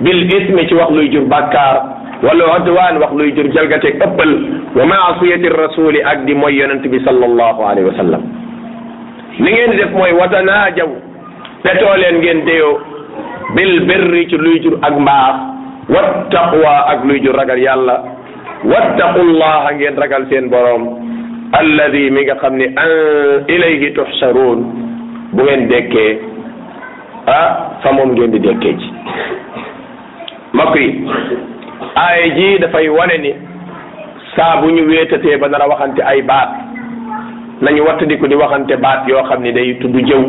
Speaker 1: bil ismi ci wax luy jur bàkkaar wala odwaan wax luy jur jalgate ëppal wa maasiyati rasuli ak di mooy yonent bi sallallahu alayhi wa sallam li ngeen def mooy watanaajaw petoo leen ngeen deyoo bil birri luy jur ak mbaax wattaqwa ak luy jur ragal yàlla wattaqullaha ngeen ragal seen borom alladi mi nga xam ne an ah, ilayhi tuhsharuun bu ngeen dekkee ah fa moom ngeen di dekkee ci mbokk yi aaya ji dafay wane ni saa bu ñu wéetatee ba nar a waxante ay baat nañu wattandiku di waxante baat yoo xam ni day tudd jëw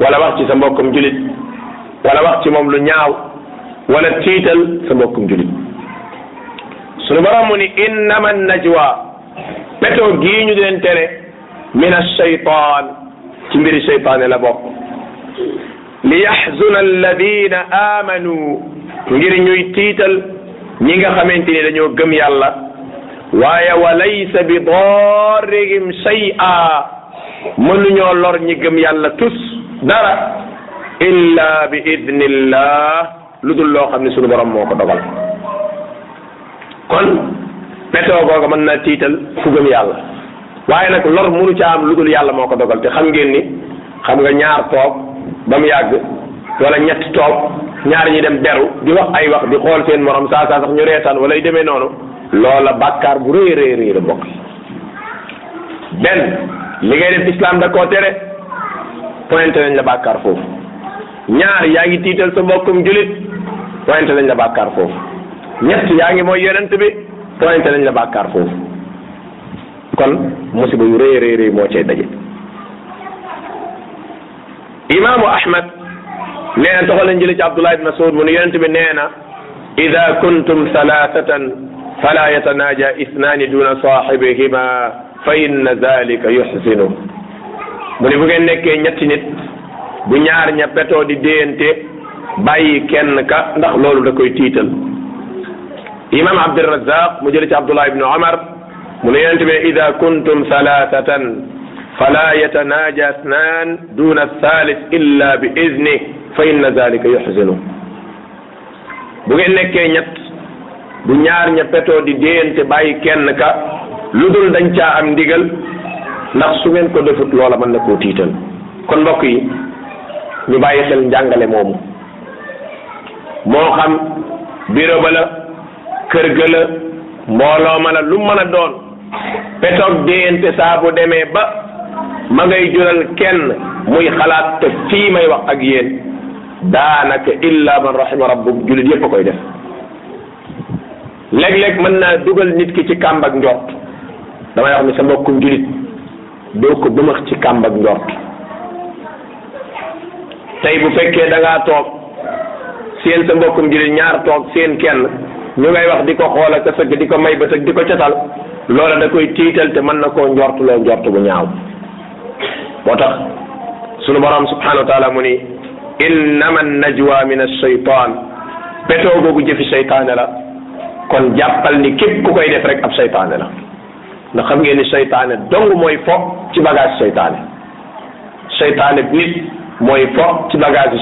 Speaker 1: wala wax ci sa mbokkum julit wala wax ci moom lu ñaaw wala tiital sa mbokkum julit sunu borom mu ni innama najwa petoo gii ñu di leen tere min alshaytan ci mbiri shaytaane la bokk li yaxzuna alladina amanu ngir ñuy tiital ñi nga xamante ni dañoo gëm yàlla waaye wa laysa bi darrihim ñu mënuñoo lor ñi gëm yàlla tus dara illa bi idnillah lu dul loo xam ne sunu borom moo ko dogal kon météo googa mën naa tiital ku gëm yàlla waaye nag lor munu caa am lu dul yàlla moo ko dogal te xam ngeen ni xam nga ñaar toog ba mu yàgg wala ñett toog ñaar ñi dem beru di wax ay wax di xool seen morom saa saa sax ñu reetaan wala yu demee noonu loola bàkkaar bu rëy rëy rëy la bokk benn li ngay def islam da koo tere pointé la bàkkaar foofu ñaar yaa ngi tiital sa mbokkum julit pointé nañ la bàkkaar foofu ñett yaa ngi mooy yonent bi pointé nañ la bàkkaar foofu kon musiba yu rëy rëy rëy moo cay daje imaamu ahmad nee na toxal nañ jële abdullah ibn masud mu ne yonent bi nee na ida kuntum thalathatan fala yatanaja ithnaani duna sahibihima fa inna dalika yuxsinu mu ne bu ngeen nekkee ñetti nit bu ñaar ña petoo di déyante bàyyi kenn ka ndax loolu da koy tiital imam abdirazaq mu jële ci abdullah ibnu omar mu ne yonente bi ida kuntum salatatan fala yatanaja asnan duna thalith illa bi izni fa inna zalika yuxsinu bu ngeen nekkee ñett bu ñaar ña di déyante bàyyi kenn ka lu dul dañ caa am ndigal ndax su ngeen ko defut loola mën na koo tiital kon mbokk yi ñu bàyyi xel njàngale moomu kër mbooloo ma la lu mën a doon petoog déyante saa demee ba ma ngay jural kenn muy xalaat te fii may wax ak yéen daanaka illa man rahima rabbuk jullit yépp a koy def léeg-léeg mën naa dugal nit ki ci kàmb ak njort damay wax ni sa mbokkum jullit doo ko ci kàmb ak njort tey bu fekkee da toog seen sa mbokkum jullit ñaar toog seen kenn ñu ngay wax di ko xool ak di ko may ba ak di ko catal loola da koy tiital te mën na koo njortuloo njort bu ñaaw moo tax sunu borom subhanahu wa taala mu ni innama najwa min ashaytan petoo googu jëfi seytaane la kon jàppal ni képp ku koy def rek ab seytaane la na xam ngeen ni seytaane dong mooy fo ci bagage seytaane seytaane nit mooy fo ci bagage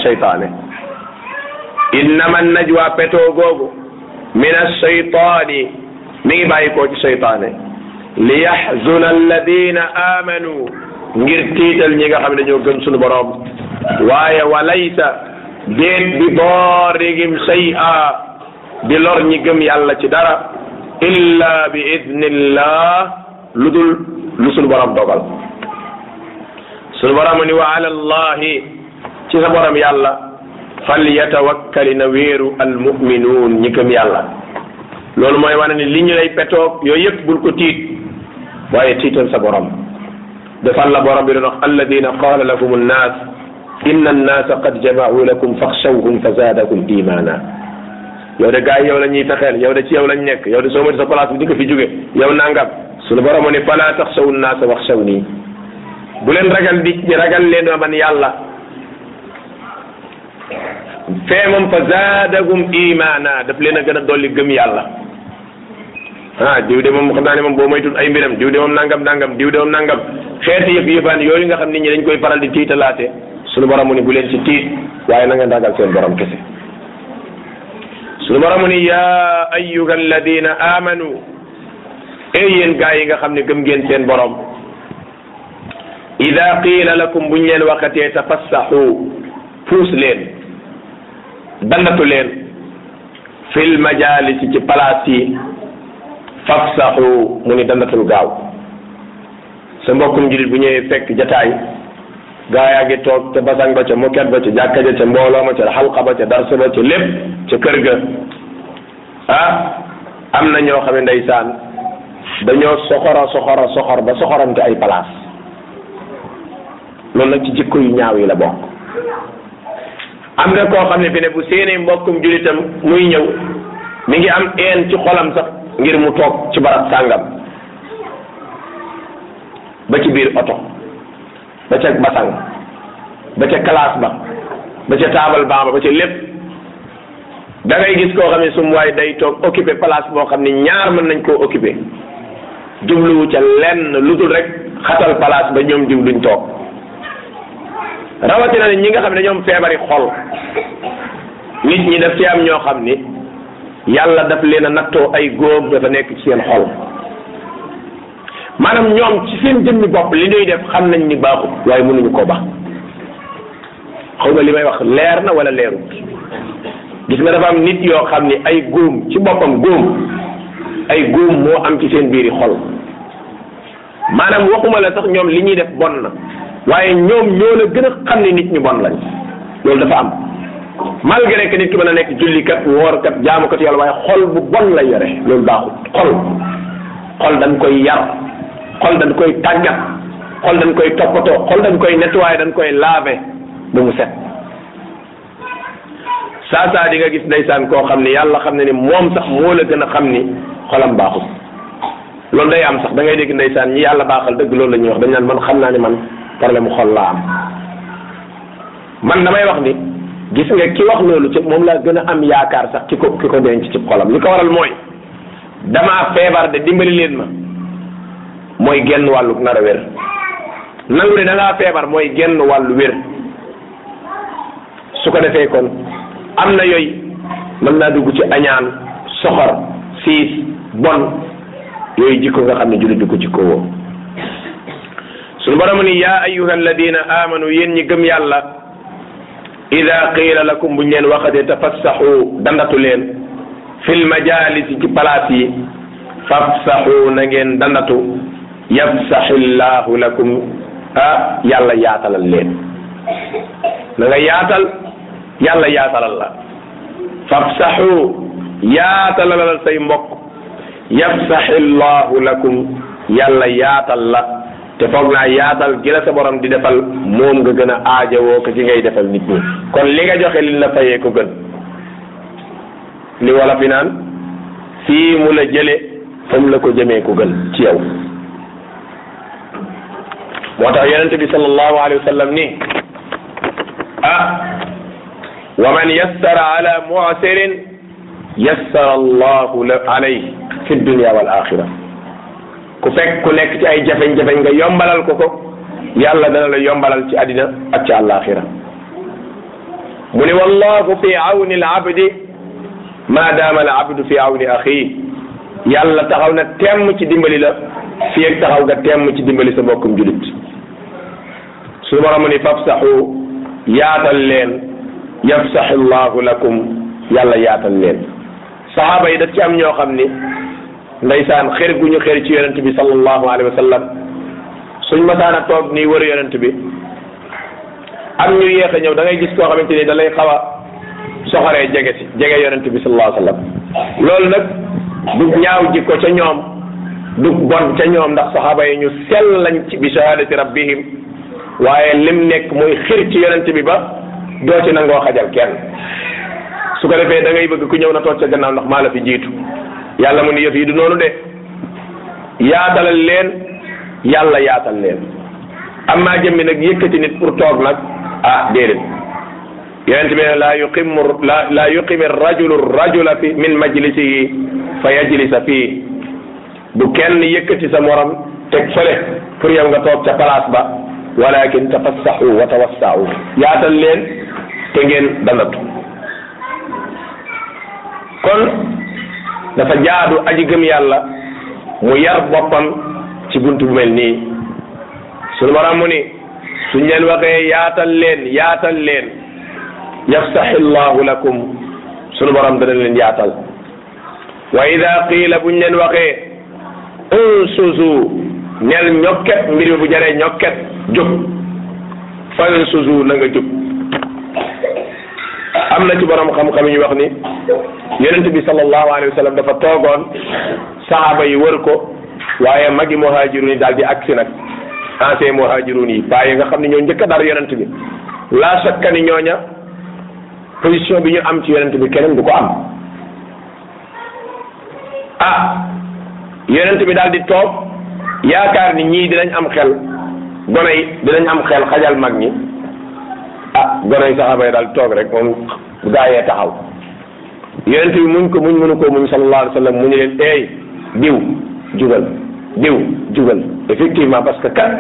Speaker 1: mina shaytaani mi ngi bàyyi koo ci shaytaane li yaxzuna alladina amanu ngir tiital ñi nga xam ne ñoo gëm suñu borom waaye walayta déet bi boorigim shay a di lor ñi gëm yàlla ci dara illa bi idnillah lu dul lu suñu borom dogal
Speaker 2: suñu borom ni wa
Speaker 1: ala allahi ci sa borom yàlla falyatawakkali na wéeru almuminuun ñi gëm yàlla loolu mooy wane ni li ñu lay petoog yooyu yëpp bul ko tiit waaye tiital sa borom defal la borom bi doon wax alladina qala lahum nnaas inna annaasa qad jamacu lakum faxshawhum fa zaadakum imana yow de gars yi yow la ñuy fexeel yow de ci yow lañ nekk yow de soo ma sa place bi di nga fi jóge yow nangam sunu borom ne fala taxshaw nnaasa waxshaw nii bu leen ragal di ragal leen man yàlla fee moom fa zaadagum imaana daf leen a gën a dolli gëm yàlla ah diw de moom xam naa ne moom boo moytul ay mbiram diw de moom nangam nangam diw de moom nangam xeeti yëf yëfaan yooyu nga xam nit ñi dañ koy faral di tiitalaate sunu borom mu ni bu leen si tiit waaye na ngeen ragal seen borom kese sunu borom mu ni yaa ayyuha alladina amanu ey yéen gaa yi nga xam ne gëm ngeen seen borom ida qiila lakum buñ leen waxatee tafassaxu puus leen dannatu leen fil majalisi ci palaas yi fafsaxu mu ni dannatul gaaw sa mbokkum jullit bu ñëwee fekk jataay gaa yaa ngi toog ca basang ba ca moket ba ca jàkka ja ca mbooloo ma ca xalqa ba ca darsa ba ca lépp ca kër ga ah, am na ñoo xam ne ndeysaan dañoo soxora soxora soxor ba soxorante ay palaas loolu nag ci jikko ñaaw yi la bokk am na koo xam ne fi ne bu seenee mbokkum julitam muy ñëw mi ngi am een ci xolam sax ngir mu toog ci barab sàngam ba ci biir oto ba ca basang ba ca classe ba ba ca taabal baaba ba ci lépp da ngay gis koo xam ne sum waay day toog occupé place boo xam ne ñaar mën nañ koo occupé jubluwu ca lenn lu dul rek xatal place ba ñoom diw duñ toog rawatina ne ñi nga xam ne ñoom feebari xol nit ñi daf ci am ñoo xam ni yàlla daf leen a nattoo ay góom dafa nekk ci seen xol maanaam ñoom ci seen jëmmi bopp li ñuy def xam nañ ni baaxut waaye mënuñu ko ba xaw ma li may wax leer na wala leerut gis nga am nit yoo xam ni ay góom ci boppam góom ay góom moo am ci seen biiri xol maanaam waxuma la sax ñoom li ñuy def bon na waaye ñoom ñoo la gën a xam ne nit ñu bon lañ loolu dafa am malgré que nit ki mën a nekk jullikat woorkat jaamukat yàlla waaye xol bu bon lay yore loolu baaxul xol xol dañ koy yar xol dañ koy tàggat xol dañ koy toppatoo xol dañ koy nettoyer dañ koy laver ba mu set saa saa di nga gis ndeysaan koo xam ni yàlla xam ne ni moom sax moo la gën a xam ni xolam baaxul loolu day am sax da ngay dégg ndeysaan ñi yàlla baaxal dëgg loolu la ñuy wax dañ naan man xam naa ne man problème xol laa am man damay wax ni gis nga ki wax loolu ci moom laa gën a am yaakaar sax ci ko ki ko denc ci xolam li ko waral mooy damaa feebar de dimbali leen ma mooy genn wàllu nar a wér nangu ne da feebar mooy genn wàllu wér su ko defee kon am na yooyu mën naa dugg ci añaan soxor siis bon yooyu jikko nga xam ne jullit du ko jikkoo sun borom ni ya ayyuhal ladina amanu yen ñi gëm yàlla ida qila lakum bu leen waxate tafassahu dandatu len fil majalis ci palaas yi fafsahu na ngeen dandatu yafsaxu llahu lakum a yàlla yaatalal len na nga yaatal yàlla yaatalal la fafsaxu yaatalal say mbokk yafsaxu llahu lakum yàlla yaatal la te foog naa yaatal gi la di defal moom nga gën a aajowoo ko ci ngay defal nit ñi kon li nga joxe liñ la fayee ko gën li wala fii mu la jële fa la ko jëmee ko gën ci yow moo tax yonente bi sallallahu alayhi wa sallam ni ah wa ala mu'sirin yassara allahu la alayhi fi dunia wal axira ku fekk ku nekk ci ay jafe-jafe nga yombalal ko ko yàlla dana la yombalal ci adina ak ci àllaaxira mu ne wallahu fi awni alabdi ma daama al abdu fi awni axii yàlla taxaw na temm ci dimbali la fi ak taxaw nga temm ci dimbali sa mbokkum julit su borom ni fafsaxu yaatal leen yafsaxu llahu lakum yàlla yaatal leen sahaaba yi daf ci am ñoo xam ni ndaysaan xër gu ñu xër ci yonent bi sallallahu alayhi wa suñ masaan a toog nii wër yonent bi am ñu yéex a ñëw da ngay gis koo xamante ni dalay lay xaw a soxoree jege si jege yonent bi sallallahu alayhi wa loolu nag du ñaaw jikko ca ñoom du bon ca ñoom ndax saxaaba yi ñu sell lañ ci bi shahadati rabbihim waaye lim nekk muy xir ci yonent bi ba doo ci nangoo xajal kenn su ko defee da ngay bëgg ku ñëw na toog ca gannaaw ndax maa la fi jiitu yàlla mu ni yëf yi du noonu de yaatalal leen yàlla yaatal leen amma jëmmi nag yëkkati nit pour toog nag ah déedéet yonent bi ne laa yuqimu la laa yuqimi rajulu rajula fi min majlisihi fa yajlisa fii du kenn yëkkati sa morom teg fële pour yow nga toog ca place ba walakin tafassahu wa tawassahu yaatal leen te ngeen danatu kon dafa jaadu aji gëm yàlla mu yar boppam ci buntu bu mel nii sunu borom mu ni suñ leen waxee yaatal leen yaatal leen yaftahi llahu lakum sunu borom dana leen yaatal wa ida qiila buñ leen waxee unsuzu nel ñokket mbir mi bu jaree ñokket jóg fansuzu na nga jóg am na ci borom xam-xam yu wax ni yonent bi sallallahu alayhi wa sallam dafa toogoon saxaaba yi war ko waaye magi muhaajiruun yi daal di agsi nag ancien muhaajiruun yi paa yi nga xam ne ñoo njëkk dara dar yonent bi laa sakka ni ñooña position bi ñu am ci yonent bi keneen du ko am ah yonent bi daal di toog yaakaar ni ñii dinañ am xel gone yi dinañ am xel xajal mag ñi ah goney saxaaba yi daal toog rek moom gaa yee taxaw yonent bi muñ ko muñ mënu koo muñ sallallahu mu ñu leen eey diw jugal diw jugal effectivement parce que kat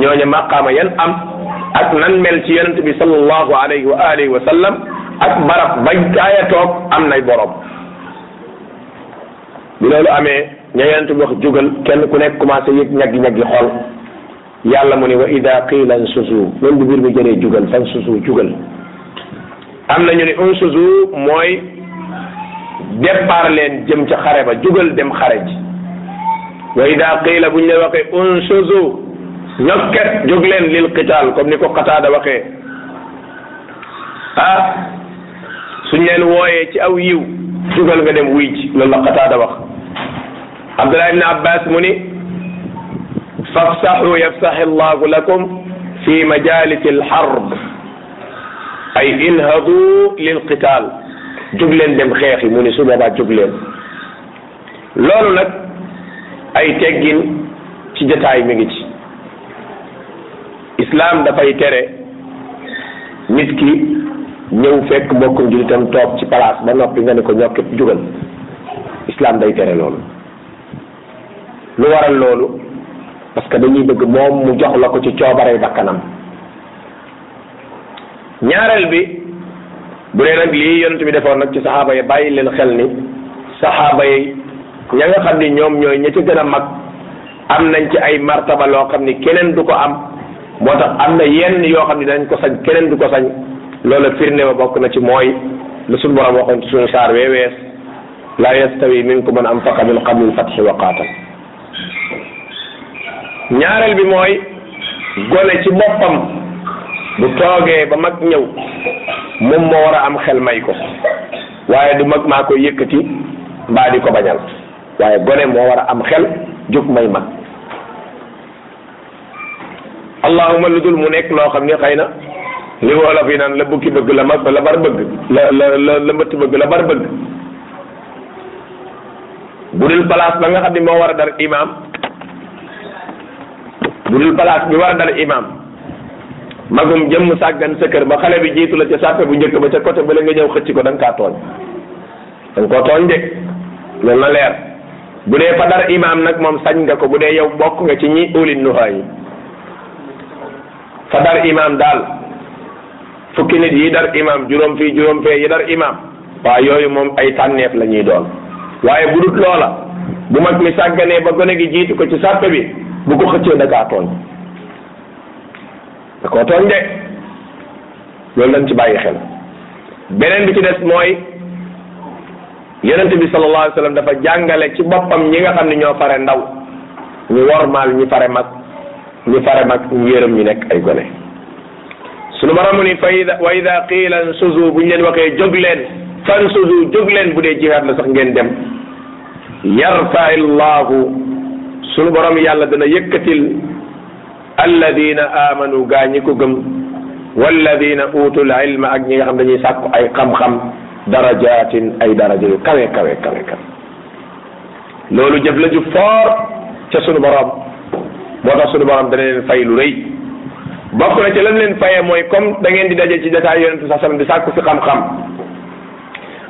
Speaker 1: ñooñu maqaama yan am ak nan mel ci yonent bi sallallahu alayhi wa alihi wa sallam ak barab bañ gaaya toog am nay borom bi loolu amee ña yonent bi wax jugal kenn ku nekk commencé yëg ñag yi xool yàlla mu ne wa ida qiila ansusu même bu mbir mi jëree jugal fan susu jugal am na ñu ne unsusu mooy départ leen jëm ca xare ba jugal dem xare ji wa ida qiila bu ñu leen waxee unsusu ñokket jóg leen lil qitaal comme ni ko qataada waxee ah suñ leen wooyee ci aw yiw jugal nga dem wuy loolu la qataada wax abdullah ibne abbas mu ni fafsahu yafsahi allahu lakum fi majalisi alharb ay inhadu lilqital jóg leen dem xeexi mu ni su boobaa jóg loolu nag ay teggin ci jataay mi ngi ci islam dafay tere nit ki ñëw fekk mbokkum julitam toog ci place ba noppi nga ne ko ñokket jugal islam day tere loolu lu waral loolu parce que dañuy bëgg moom mu jox la ko ci coobarey bakkanam ñaareel bi bu dee nag lii yonent bi defoon nag ci saxaaba yi bàyyi leen xel ni saxaaba yi ña xam ni ñoom ñooy ña ci gën a mag am nañ ci ay martaba loo xam ni keneen du ko am moo tax am na yenn yoo xam ne dañ ko sañ keneen du ko sañ loolu firnde ba bokk na ci mooy la suñu borom waxoon ci suñu saar wee wees laa yastawi minkum man anfaqa min qabli al-fathi wa qaatal ñaareel bi mooy gone ci boppam bu toogee ba mag ñëw moom moo war a am xel may ko waaye du mag maa koy yëkkati mbaa di ko bañal waaye gone moo war a am xel jóg may mag allahuma lu dul mu nekk loo xam ne xëy na li wolof yi naan la bukki bëgg la mag la bar bëgg la la la la bëgg la bar bëgg bu dul place ba xam ne moo war a dara imaam bu dul place bi war a dal imam magum jëmm sàggan sa kër ba xale bi jiitu la ca sàppe bu njëkk ba ca côté ba nga ñëw xëcc ko da nga kaa tooñ da koo tooñ de loolu na leer bu dee fa dara imam nag moom sañ nga ko bu dee yow bokk nga ci ñi ulin nuha yi fa dar imam daal fukki nit yi dar imam juróom fii juróom fee yi dar imam waaw yooyu moom ay tànneef la ñuy doon waaye bu dut loola bu mag mi sàgganee ba gone gi jiitu ko ci sàppe bi bu ko xëccee da kaa tooñ da de loolu dañ ci bàyyi xel beneen bi ci des mooy yonente bi sallallahu alayhi wa dafa jàngale ci boppam ñi nga xam ne ñoo fare ndaw ñu wormaal ñi fare mag ñi fare mag ñu yërëm ñu nekk ay gone sunu ma mu ni fa ida wa ida qiila nsuzu bu ñu leen waxee jóg leen fan suzu bu dee jihaad la sax ngeen dem yarfa illahu sunu borom yàlla dana yëkkatil alladina amanu gaa ñi ko gëm walladina utul ilma ak ñi nga xam dañuy sàkku ay xam-xam darajaatin ay daraja yu kawe kawe kawe kawe loolu jëf la ju fort ca sunu borom moo tax sunu borom dana leen fay lu rëy bokk na ca lam leen fayee mooy comme da ngeen di daje ci jotaay yonente sa sallam di sàkku fi xam-xam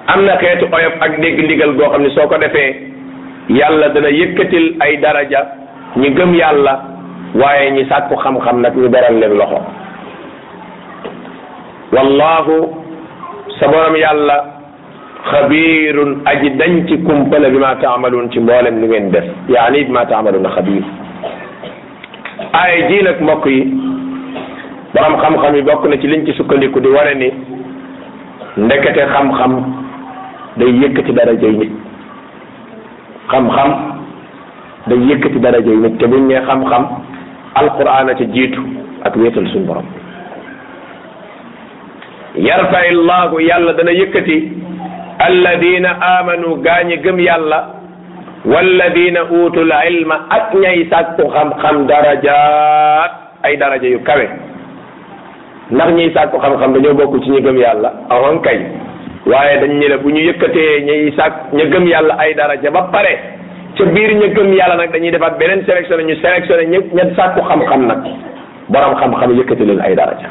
Speaker 1: am na xeetu oyof ak dégg ndigal goo xam ne soo ko defee yàlla dana yëkkatil ay daraja ñi gëm yàlla waaye ñi sàkku xam-xam nag ñu beral leen loxo wallahu sa borom yàlla xabirun aji dañ ci kumpala bi ma taamaluun ci mboolem lu ngeen def yaani bi ma taamaluun xabir aaya ji nag mbokk yi borom xam-xam yi bokk na ci liñ ci sukkandiku di wane ni ndekete xam-xam day yëkkati daraja xam-xam day yëkkati daraja yi nit te buñ nee xam-xam alquran a ca jiitu ak wéetal suñu borom yarfai llahu yàlla dana yëkkati alladina amanu gaañi gëm yàlla walladina utul ilma ak ñay sàkku xam-xam darajaat ay daraja yu kawe ndax ñiy sàkku xam-xam dañoo bokk ci ñi gëm yàlla ahon kay waaye dañ ñu bu ñu yëkkatee ñay sàkk ña gëm yàlla ay daraja ba pare ca biir ña gëm yàlla nag dañuy defaat beneen sélection ñu sélectionné ña ña sàkku xam-xam nag borom xam-xam yëkkati leen ay daraja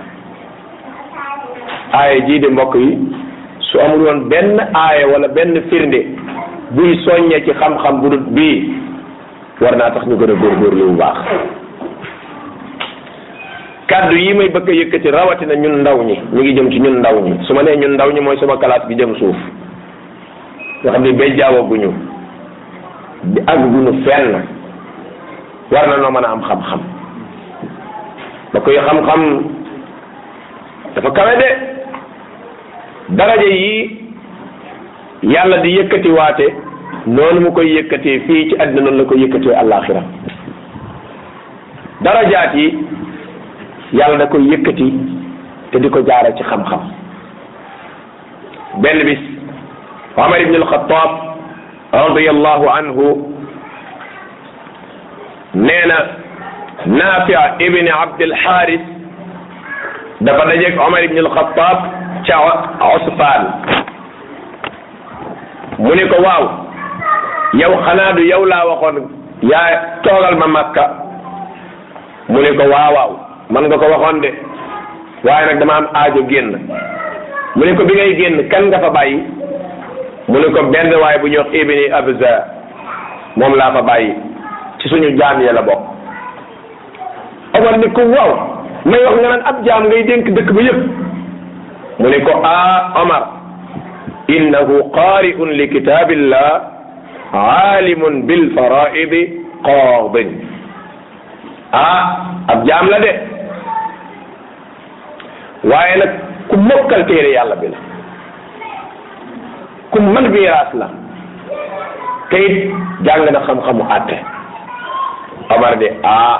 Speaker 1: aaya jii de mbokk yi su amul woon benn aaya wala benn firnde buy soññee ci xam-xam bu dut bii war naa tax ñu gën a góorgóorlu bu baax kàddu yi may bëgg a yëkkati rawatina ñun ndaw ñi mi ngi jëm ci ñun ndaw ñi su ma nee ñun ndaw ñi mooy sama classe bi jëm suuf nga xam ne bay jaawaguñu di àgguñu fenn war na noo mën a am xam-xam ba koy xam-xam dafa kawe de daraja yi yàlla di yëkkati waate noonu mu koy yëkkatee fii ci àddina noonu la koy yëkkatee àllaaxira darajaat yi yàlla da koy yëkkati te di ko jaare ci xam-xam benn bis omar ibn alxataab radiallahu anhu nee na nafia ibn abdilxaaris dafa dajeeg omar ibn alxataab ca osfaan mu ne ko waaw yow xanaa du yow laa waxoon yaa toogal ma makka mu ne ko waawaaw man nga ko waxoon de waaye nag dama aajo génn mu ne ko bi ngay génn kan nga fa bàyyi mu ne ko benn waaye bu ñuy wax ibni abza moom laa fa bàyyi ci suñu jaam ya la bokk Omar ko waaw may wax nga naan ab jaam ngay dénk dëkk bu yëpp mu ne ko ah Omar innahu qaari'un li kitaabillah aalimun bil faraidi qaadin ah ab jaam la de waaye nag ku mokkal téere yàlla bi la ku man miraas la te it jàng na xam-xamu àtte Omar de ah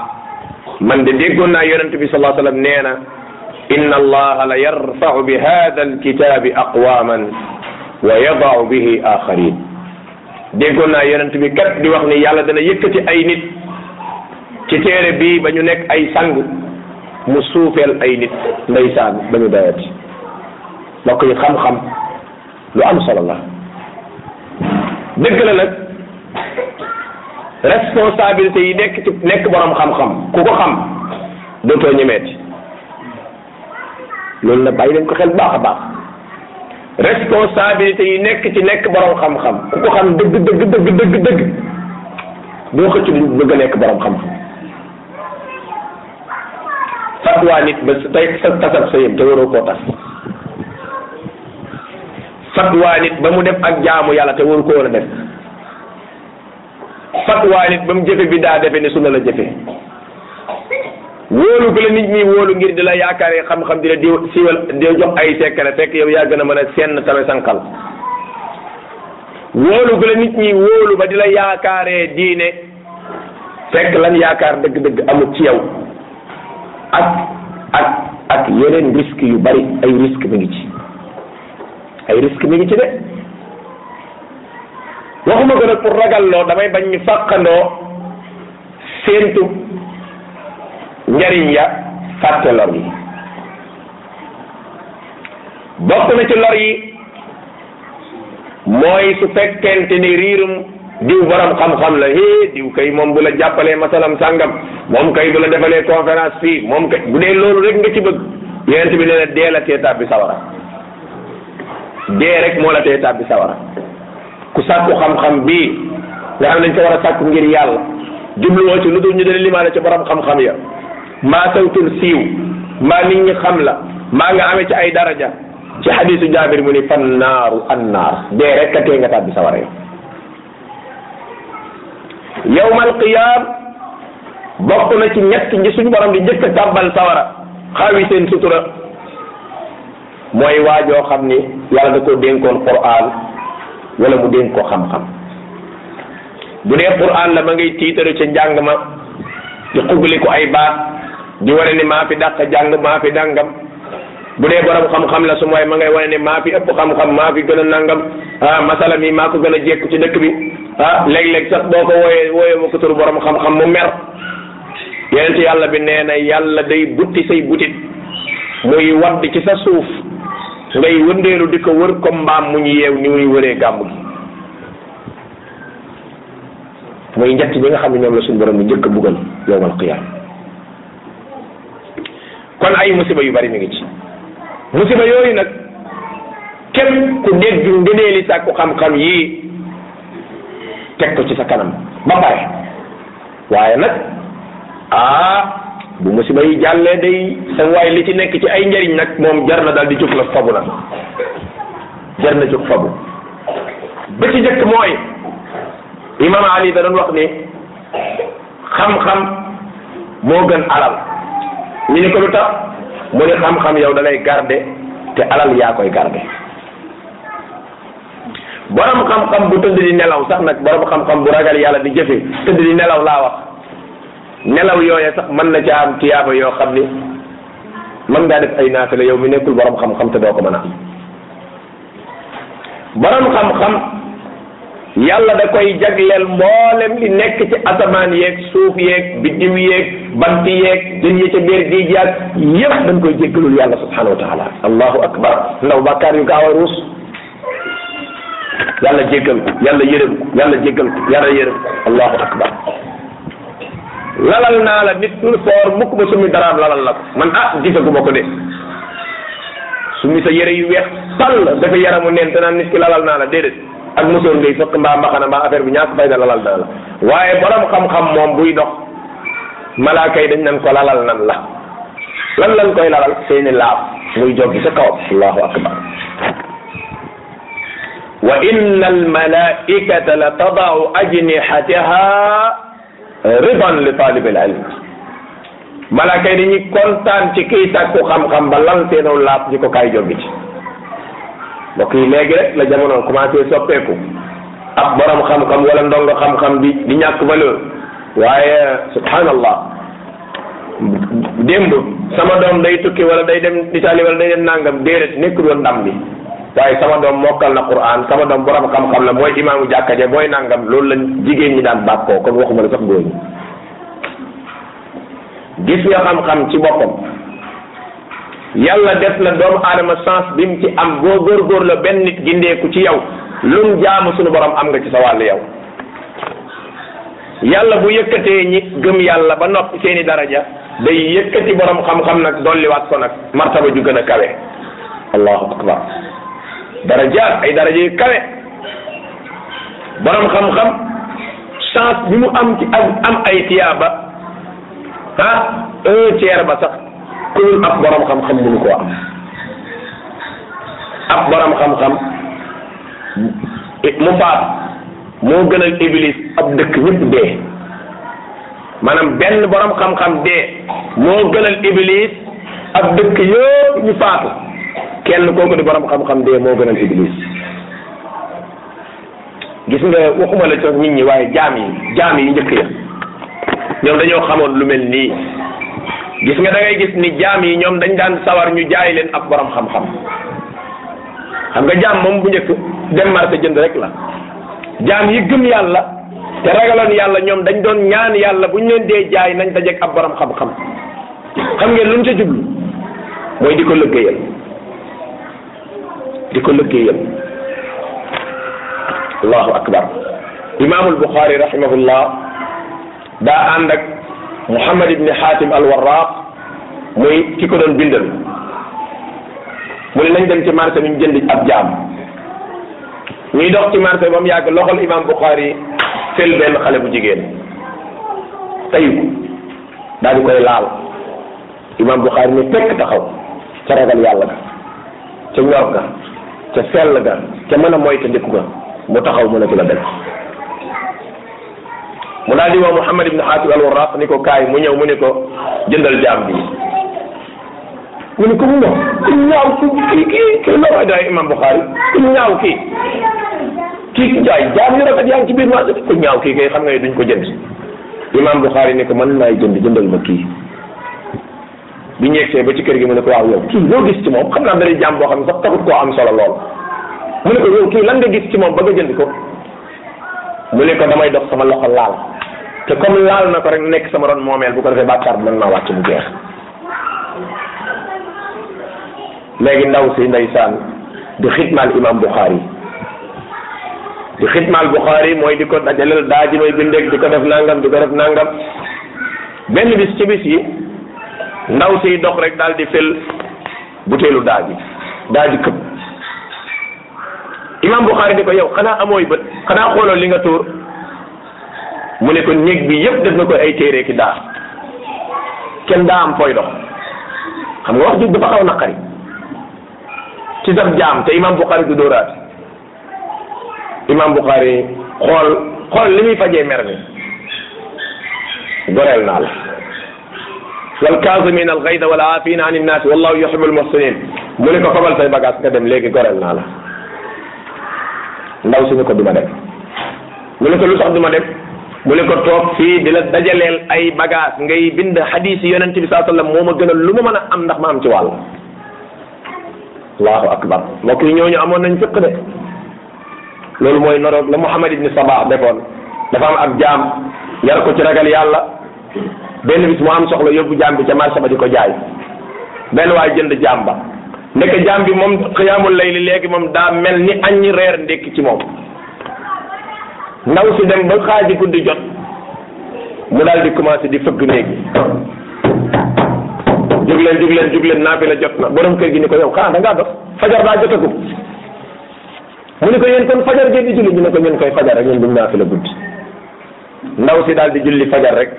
Speaker 1: man de déggoon naa yonent bi sallallahu alayhi wa sallam nee na inna allaha la yarfau bi hada alkitabi aqwaman wa yadaau bihi axarin déggoon naa yonent bi kat di wax ni yàlla dana yëkkati ay nit ci téere bii ba ñu nekk ay sang mu suufeel ay nit ndeysaan ba ñu doyati mbokk yi xam-xam lu am solo la dëgg la nag responsabilité yi nekk ci nekk borom xam-xam ku ko xam dootoo ñemeeti loolu na bàyyi leen ko xel baax a baax responsabilité yi nekk ci nekk borom xam-xam ku ko xam dëgg dëgg dëgg dëgg dëgg boo xëcc du bëgg a nekk xam fatwaa nit ba tey tasab sëyam nit ba mu def ak jaamu yàlla te waru ko war a def fatwaa nit ba mu jëfe bi daa defe ne sunna la jëfe wóolu bi la nit ñi wóolu ngir di la yaakaare xam-xam di la di siiwal di jox ay sekkare fekk yow yaa gën a mën a senn tame sanqal wóolu bi la nit ñi wóolu ba di la yaakaaree diine fekk lan yaakaar dëgg-dëgg amul ci yow ak ak ak yeneen risque yu bari ay risque mi ngi ci ay risque mi ngi ci de waxuma ko nag pour ragalloo damay bañ ñu fàqandoo njariñ ya fàtte lor yi bokk na ci lor mooy su ni riirum diw borom xam-xam la hee diw kay moom bu la jàppalee masalam sàngam moom kay bu la defalee conférence fii moom kay bu dee loolu rek nga ci bëgg yonent bi nee na dee la tee tàbbi sawara dee rek moo la tee tàbbi sawara ku sàkku xam-xam bii nga xam ne dañ ko war a sàkku ngir yàlla jubluwoo ci lu dul ñu dale limaale ci borom xam-xam ya maa sawtul siiw maa nit ñi xam la maa nga amee ci ay daraja ci hadisu jaabir mu ni fan naaru an naar dee rek ka tee nga tàbbi yawmal qiyaam bokk na ci ñett ñi suñu borom di njëkk a tàbbal sawara xaawi seen sutura mooy waajoo xam ni yàlla da koo dénkoon quraan wala mu dénk ko xam-xam bu dee quraan la ma ngay tiitaru ci njàng ma di xugli ko ay baat di wane ni maa fi dàq jàng maa fi dàngam bu dee borom xam-xam la su mooy ma ngay wane ne maa fi ëpp xam-xam maa fi gën a nangam ah masala maa ko gën a jékku ci dëkk bi ah léeg-léeg sax boo ko wooyee wooyee ma xam-xam mu mer yeneen yàlla bi nee na yàlla day butti say butit muy wadd ci sa suuf ngay wëndeelu di ko wër comme mbaam mu ñu yeew ni muy wëree gàmb muy njëkk ñi nga xam ne ñoom la suñu borom bu njëkk a buggal yowmal qiyaam kon ay musiba yu bari mu ngi ci musiba yooyu nag képp ku dégg ngëneeli sàkku xam-xam yii teg ko ci sa kanam ba pare waaye nag ah bu musiba yi jàllee day sa waay li ci nekk ci ay njariñ nag moom jar na daal di jóg la fabu nag jar na jóg fabu ba ci jëkk mooy imam ali da doon wax ni xam-xam moo gën alal ñu ne ko lu tax mu ni xam-xam yow dalay lay te alal yaa koy garder borom xam-xam bu tëdd di nelaw sax nag borom xam-xam bu ragal yàlla di jëfe tëdd di nelaw laa wax nelaw yooye sax mën na ca am tiyaaba yoo xam ni mën ngaa def ay naafila yow mu nekkul boroom xam-xam te doo ko mën a am borom xam-xam yàlla da koy jagleel mboolem li nekk ci atamaan yeeg suuf yeeg biddiw yeeg bant yeeg jën yi ca biir géej dañ koy jéggalul yàlla subhanahu wa taala allahu akbar ndaw bàkkaar yu gaaw a ruus yàlla jéggal ko yàlla yërëm ko yàlla jéggal ko yàlla akbar lalal naa la nit dul soor mukk ba sumi daraam lalal la ko man ah gisaguma ko de sumi sa yére yu weex tàll dafa yaramu neen te naan nit ki lalal naa la déedéet ak musóor ngay fëkk mbaa mbaxana mbaa affaire bi ñàkk fayda lalal dana la waaye borom xam-xam moom buy dox malaaka dañ nan ko lalal nan la lan lan koy lalal seeni laaf muy joggi sa kawam allahu akbar wa inna almalaikata la tadau ajnihataha ridan li talibil ilm malaaka yi dañuy kontaan ci kiy sàkku xam-xam ba lan seenaw laaf ko kaay joggi ci mbokk yi léegi rek la jamono commencé soppeeku ab borom xam-xam wala ndongo xam-xam di di ñàkk valeur waaye subhanallah démb sama doom day tukki wala day dem Italie wala day dem nangam déedéet nekkul woon ndam bi waaye sama doom mokkal na Qur'an sama doom borom xam-xam la mooy imaamu jàkka ja mooy nangam loolu la jigéen ñi daan bàkkoo kon waxuma la sax góor ñi gis nga xam-xam ci boppam. yàlla def na doomu aadama sens bi mu ci am boo góorgóor la benn nit gindeeku ci yow lum jaamu sunu borom am nga ci sa wàll yàlla bu yëkkatee ñi gëm yàlla ba noppi seeni daraja day yëkkati borom xam-xam nag dolliwaat ko nag martaba ju gën a kawe allahu akbar darajaat ay daraja yu kawe borom xam-xam chance bi mu am ci am ay tiyaaba ah un tiers ba sax ku dul ab borom xam-xam mënu koo am ab borom xam-xam mu faat moo gënal iblis ab dëkk ñëpp dee maanaam benn boroom xam-xam dee moo gënal iblis ab dëkk yëpp ñu faatu kenn kooku di borom xam-xam dee moo gënal iblis gis nga waxuma la nit ñi waaye jaam yi jaam yi njëkk ya ñoom dañoo xamoon lu mel nii gis nga dagay gis ni jaam yi ñoom dañ daan sawar ñu jaay leen ab borom xam-xam xam nga jaam moom bu njëkk dem marché jënd rek la jaam yi gëm yàlla te ragaloon yàlla ñoom dañ doon ñaan yàlla bu ñu leen dee jaay nañ dajeeg ab borom xam-xam xam ngeen lu mu ca jublu mooy di ko lëggéeyal di ko lëggéeyal allahu akbar imaamul buxaari rahimahullah daa ànd Muhammad ibni Xaatim al-Warraq muy ki ko doon bindal mu ne nañ dem ci marché bi ñu jënd ab jaam ñuy dox ci marché ba mu yàgg loxol imam Bukhari fël benn xale bu jigéen tayu ko daal di koy laal imam Bukhari ne fekk taxaw ca ragal yàlla ga ca ñor ga ca sell ga ca mën a moytandiku ga mu taxaw mu ne ci la def mu daal di woo Muhammad ibn Hatib al-Warraq ni ko kaay mu ñëw mu ni ko jëndal jaam bi mu ni ko mu ñëw ku ñaaw kii kii kii looloo daay imam Bukhari ku ñaaw ki jaay jaam yu rafet yaa ngi ci biir marché bi ku ko jënd imam Bukhari ni ko man laay jënd jëndal ma kii bi ñeegsee ba ci kër gi mu ne ko yow kii loo gis ci moom xam naa dari jaam boo xam ne sax taxut koo am solo lool mu ne ko yow kii lan nga gis ci moom ba nga jënd ko mu ne ko damay dox sama loxo laal te comme laal na ko rek nekk sama ron moomeel bu ko defee bàkkaar bi mën naa wàcc mu jeex léegi ndaw si ndeysaan di xitmaal imam Bukhari di xitmaal Bukhari mooy di ko dajaleel daa ji may bindeeg di ko def nangam di ko def nangam benn bis ci bis yi ndaw si dox rek daal di fel buteelu daa ji këpp imam Bukhari di ko yow xanaa amooy bët xanaa xooloo li nga tuur mu ne ko néeg bi yëpp def ko ay téere ki daa kenn daa am fooy dox xam nga wax ji dafa xaw naqari ci daf jaam te imam Bukhari du dóoraat imam Bukhari xool xool li muy fajee mer gorel naa la walkaasimin alxayda wal aafina an innaas wallahu yuhibu almuhsinin mu ne ko fabal say bagage nga dem léegi goreel naa la ndaw si ne ko duma dem mu ne ko lu sax duma dem mu ne ko toog fii di la dajaleel ay bagage ngay bind hadith yonent bi saa sallam moo ma gënal lu ma mën a am ndax ma am ci wàll allahu akbar mbokk yi ñooñu amoon nañ fiq de loolu mooy noroog la Muhammad ibni Sabah defoon dafa am ab jaam yar ko ci ragal yàlla benn bis moo am soxla yóbbu jaam bi ca marché ba di ko jaay benn waay jënd jaam ba ndeke jaam bi moom xiyaamul layli léegi moom daa mel ni aññi reer ndekki ci moom ndaw si dem ba xaaji guddi jot mu daal di commencé di fëgg néeg yi jóg leen jóg leen jóg leen naafila jot na borom kër gi ni ko yow xanaa da ngaa dof fajar daa jotagum mu ni ko yéen kon ngeen koy fajar rek ñun duñ naafila guddi ndaw si daal di julli fajar rek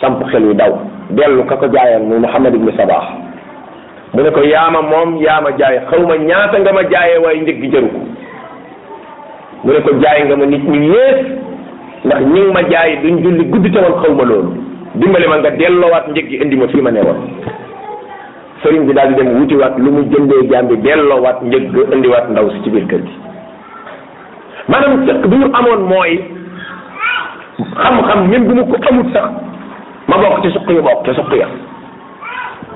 Speaker 1: samp xel wi daw dellu ka ko jaayoon muy Muhammad ibni Sabaax mu ne ko yaama moom yaama jaay xaw ma ñaata nga ma jaayee waaye njëg gi mu ne ko jaay nga ma nit ñu yées ndax ñi nga ma jaay duñ julli guddi taman xaw ma loolu dimbali ma nga delloowaat njëg gi indi ma fii ma ne woon bi daal di wutiwaat lu mu jëndee jaam bi delloowaat njëg indiwaat ndaw si ci biir kër gi maanaam sëq bi ñu amoon mooy xam-xam même bu ma ko amut sax ma bokk ci suq yu bokk ci suq ya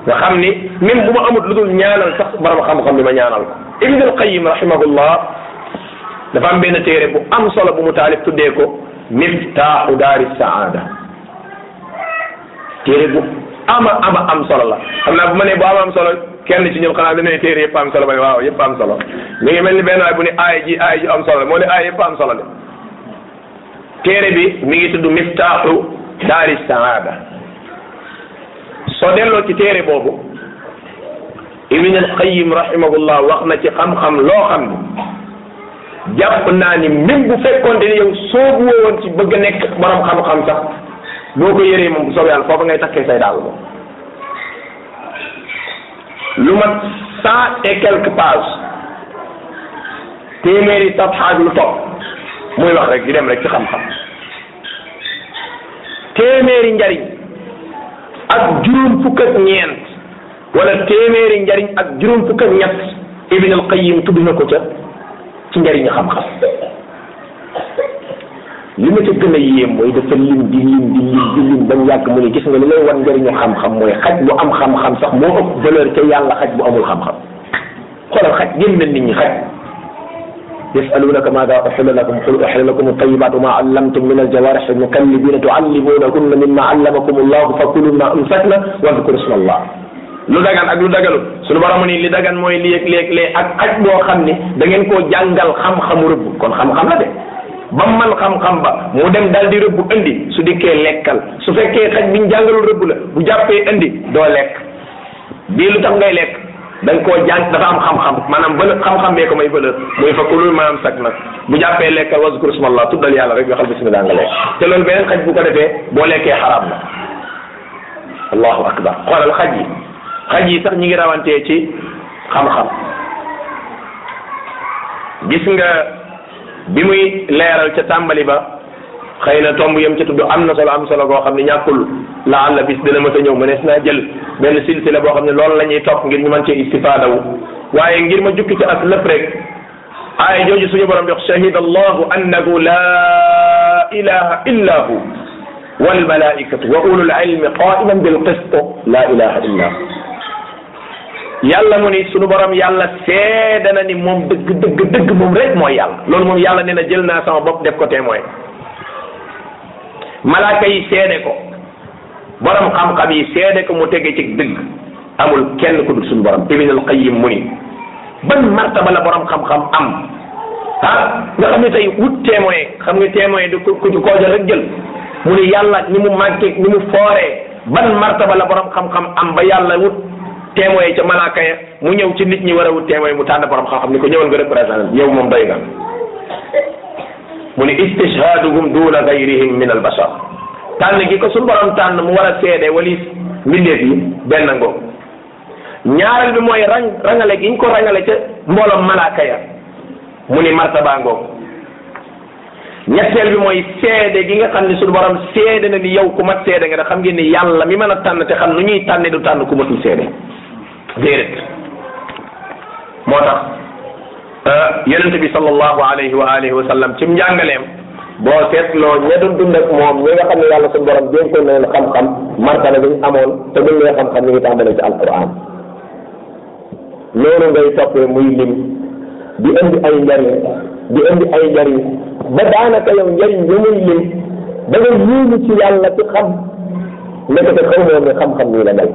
Speaker 1: nga xam ni même bu ma amut lu dul ñaanal sax borom xam-xam bi ma ñaanal ko ibnul qayim rahimahullah dafa am benn bu am solo bu mu taalif tuddee ko miftaaxu daari saada téere bu ama ama am solo la xam naa bu ma nee bu ama solo kenn ci ñoom xanaa dañu ne téere yëpp am solo ma ne am solo mi ngi mel ni benn waay bu ne ji aay am solo la moo ne aay yëpp am solo la téere bi mi ngi tudd miftaaxu daari saada delloo ci téere boobu ibn al qayyim rahimahullah wax na ci xam-xam loo xam ni jàpp naa ni même bu fekkoonte ni yow soobu woon ci bëgg nekk borom xam-xam sax boo ko yëree moom bu soobee yàlla foofu ngay takkee say daal moom lu mat cent et quelques pages téeméeri safxaag lu topp muy wax rek di dem rek ci xam-xam téeméeri njariñ ak juróom fukk ñeent wala téeméeri njariñ ak juróom fukk ak ñett Ibn al Qayyim tudd ko ca ci njariñu xam-xam li ma ca gën a yéem mooy dafa lim di lim di lim di lim bañ yàgg mu ne gis nga li lay wan njariñu xam-xam mooy xaj bu am xam-xam sax moo ëpp valeur ca yàlla xaj bu amul xam-xam xoolal xaj génn nit ñi xaj يسألونك ماذا أحل لكم قل أحل لكم الطيبات وما علمتم من الجوارح المكلبين تعلمونهن مما علمكم الله فكلوا ما أمسكنا واذكروا اسم الله lu dagan ak lu dagalu suñu borom ni li dagan mooy léeg-léeg ak xaj boo xam ni da ngeen koo jàngal xam-xamu rëbb kon xam-xam la de ba man xam-xam ba mu dem dal di rëbb indi su dikkee lekkal su fekkee xaj ñu jàngalul rëbb la bu jàppee indi doo lekk bii lu tax ngay lekk da koo jàng dafa am xam-xam maanaam ba xam-xam bee ko may valeur muy fa kulul maanaam sak nag bu jàppee lekkal wazkur ismallah tuddal yàlla rek waxal bismillah nga lekk te loolu beneen bu ko defee boo lekkee xaraam na allahu yi xaj yi sax ñi ngi rawantee ci xam-xam gis nga bi muy leeral ca tàmbali ba xëy na tomb yam ca tudd am na solo am solo goo xam ne ñàkkul la àlla bis dina dana mëta ñëw mënees naa jël benn silsila boo xam ne loolu la ñuy topp ngir ñu mën cee istifaada wu waaye ngir ma jukki ci as lépp rek aaya jooju suñu borom jox shahid allahu annahu la ilaha illa hu والملائكة وأولو العلم قائما بالقسط لا إله إلا هو yàlla mu ni sunu borom yàlla seede na ni moom dëgg dëgg dëgg moom rek mooy yàlla loolu moom yàlla nee na jël naa sama bopp def ko témoin malaaka yi seede ko borom xam-xam yi seede ko mu tege ci dëgg amul kenn ku dul sunu borom ibn al qayyim mu ni ban martaba la borom xam-xam am ah nga xam ne tey wut témoin xam nga témoin du ku koo jël rek jël mu ni yàlla ni mu màggee ni mu fooree ban martaba la borom xam-xam am ba yàlla wut. témoin ca malaaka mu ñëw ci nit ñi war a wut témoin mu tànn borom xam-xam ni ko ñëwal nga représenté yow moom doy nga mu ni istishhaduhum duna gayrihim min al bashar tànn gi ko suñu borom tànn mu war a seede walis mbindeef yi benn ngo ñaareel bi mooy rang rangale gi ñu ko rangale ca mbooloom malaaka ya mu ni martaba ngo ñetteel bi mooy seede gi nga xam ni suñu borom seede na ni yow ku mat seede nga da xam ngeen ni yàlla mi mën a tànn ñuy tànne du déedéet moo tax euh, yonent bi sallallahu alayhi wa alihi wa sallam ci boo seetloo ña doon dund moom ñi nga xam ne yàlla suñu borom dénkoon na leen xam-xam martaba bi ñu amoon te buñ lee xam-xam ñu ngi tàmbalee ci alquran loolu ngay toppee muy lim di indi ay njariñ di indi ay njariñ ba daanaka yow njariñ ya muy lim da nga yéemu ci yàlla ci xam nekk te xaw moo ne xam-xam nii la mel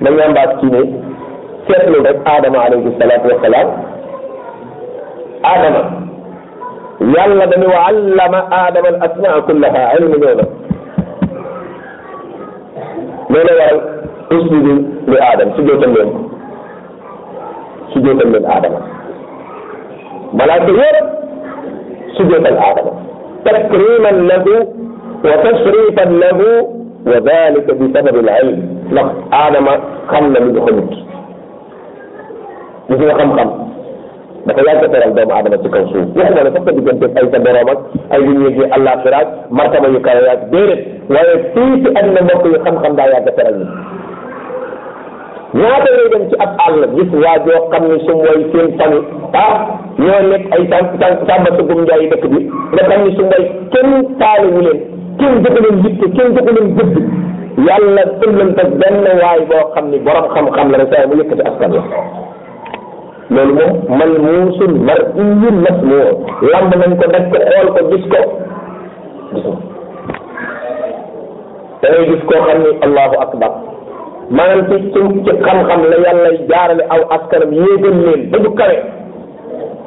Speaker 1: dañ la mbaat kii ne seetlu rek aadama alayhi salaatu wasalaam aadama yàlla dañu wa allama aadama al asmaa kullaha ilmi ñëw na loolu waral usjudu li aadam su jootal leen su jootal leen aadama malaaka yëpp su jootal aadama takriman lahu wa tashrifan lahu wa dhalika bi sababi al ilm ndax aadama xam na lu ñu xamut li nga xam-xam dafa yàgg a teral doomu aadama ci kaw suuf waxuma ne sax sa diggante ay sa borom ak ay li ñuy yëgee àllaaxira martaba yu kawe ak déedéet waaye fii ci àddina mbokk yi xam-xam daa yàgg a teral ni ñaata ngay dem ci ab àll gis waa joo xam ne su mooy seen sami ah ñoo nekk ay sàmba sugum njaay dëkk bi nga xam ne su mooy kenn taale wu leen kenn joxu leen yitte kenn joxu leen gëdd yàlla ëllëntag benn waay boo xam ni borom xam-xam la rek waaye mu yëkkati askan la loolu moom man muusul mar iyun mas mu lamb nañ ko daj ko xool ko gis ko gis da ngay gis koo xam ni allahu akbar maanaam ci ci ci xam-xam la yàlla jaarale aw askanam yéegal leen ba ñu kawe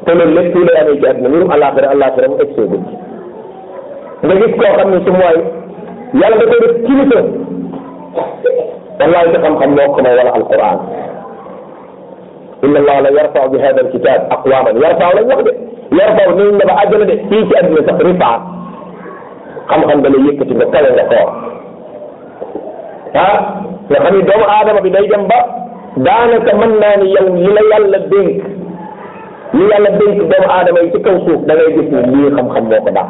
Speaker 1: te loolu lépp lay amee ci àdduna mbirum àllaaxira àllaaxira mu egg see nga gis koo xam ni su mooy yàlla da koy def kilifa wallahi ci xam-xam moo ko may wala alquran inna allah la yarfa bi hada alkitab aqwaman yarfa la wax de yarfa ne na ba àjjana de fii ci àddina sax rifa xam-xam da lay yëkkati nga kawe nga koor ah nga xam ni doomu aadama bi day dem ba daanaka mën naa ni yow li la yàlla dénk li yàlla dénk doomu aadama yi ci kaw suuf da ngay gis ni lii xam-xam moo ko dàq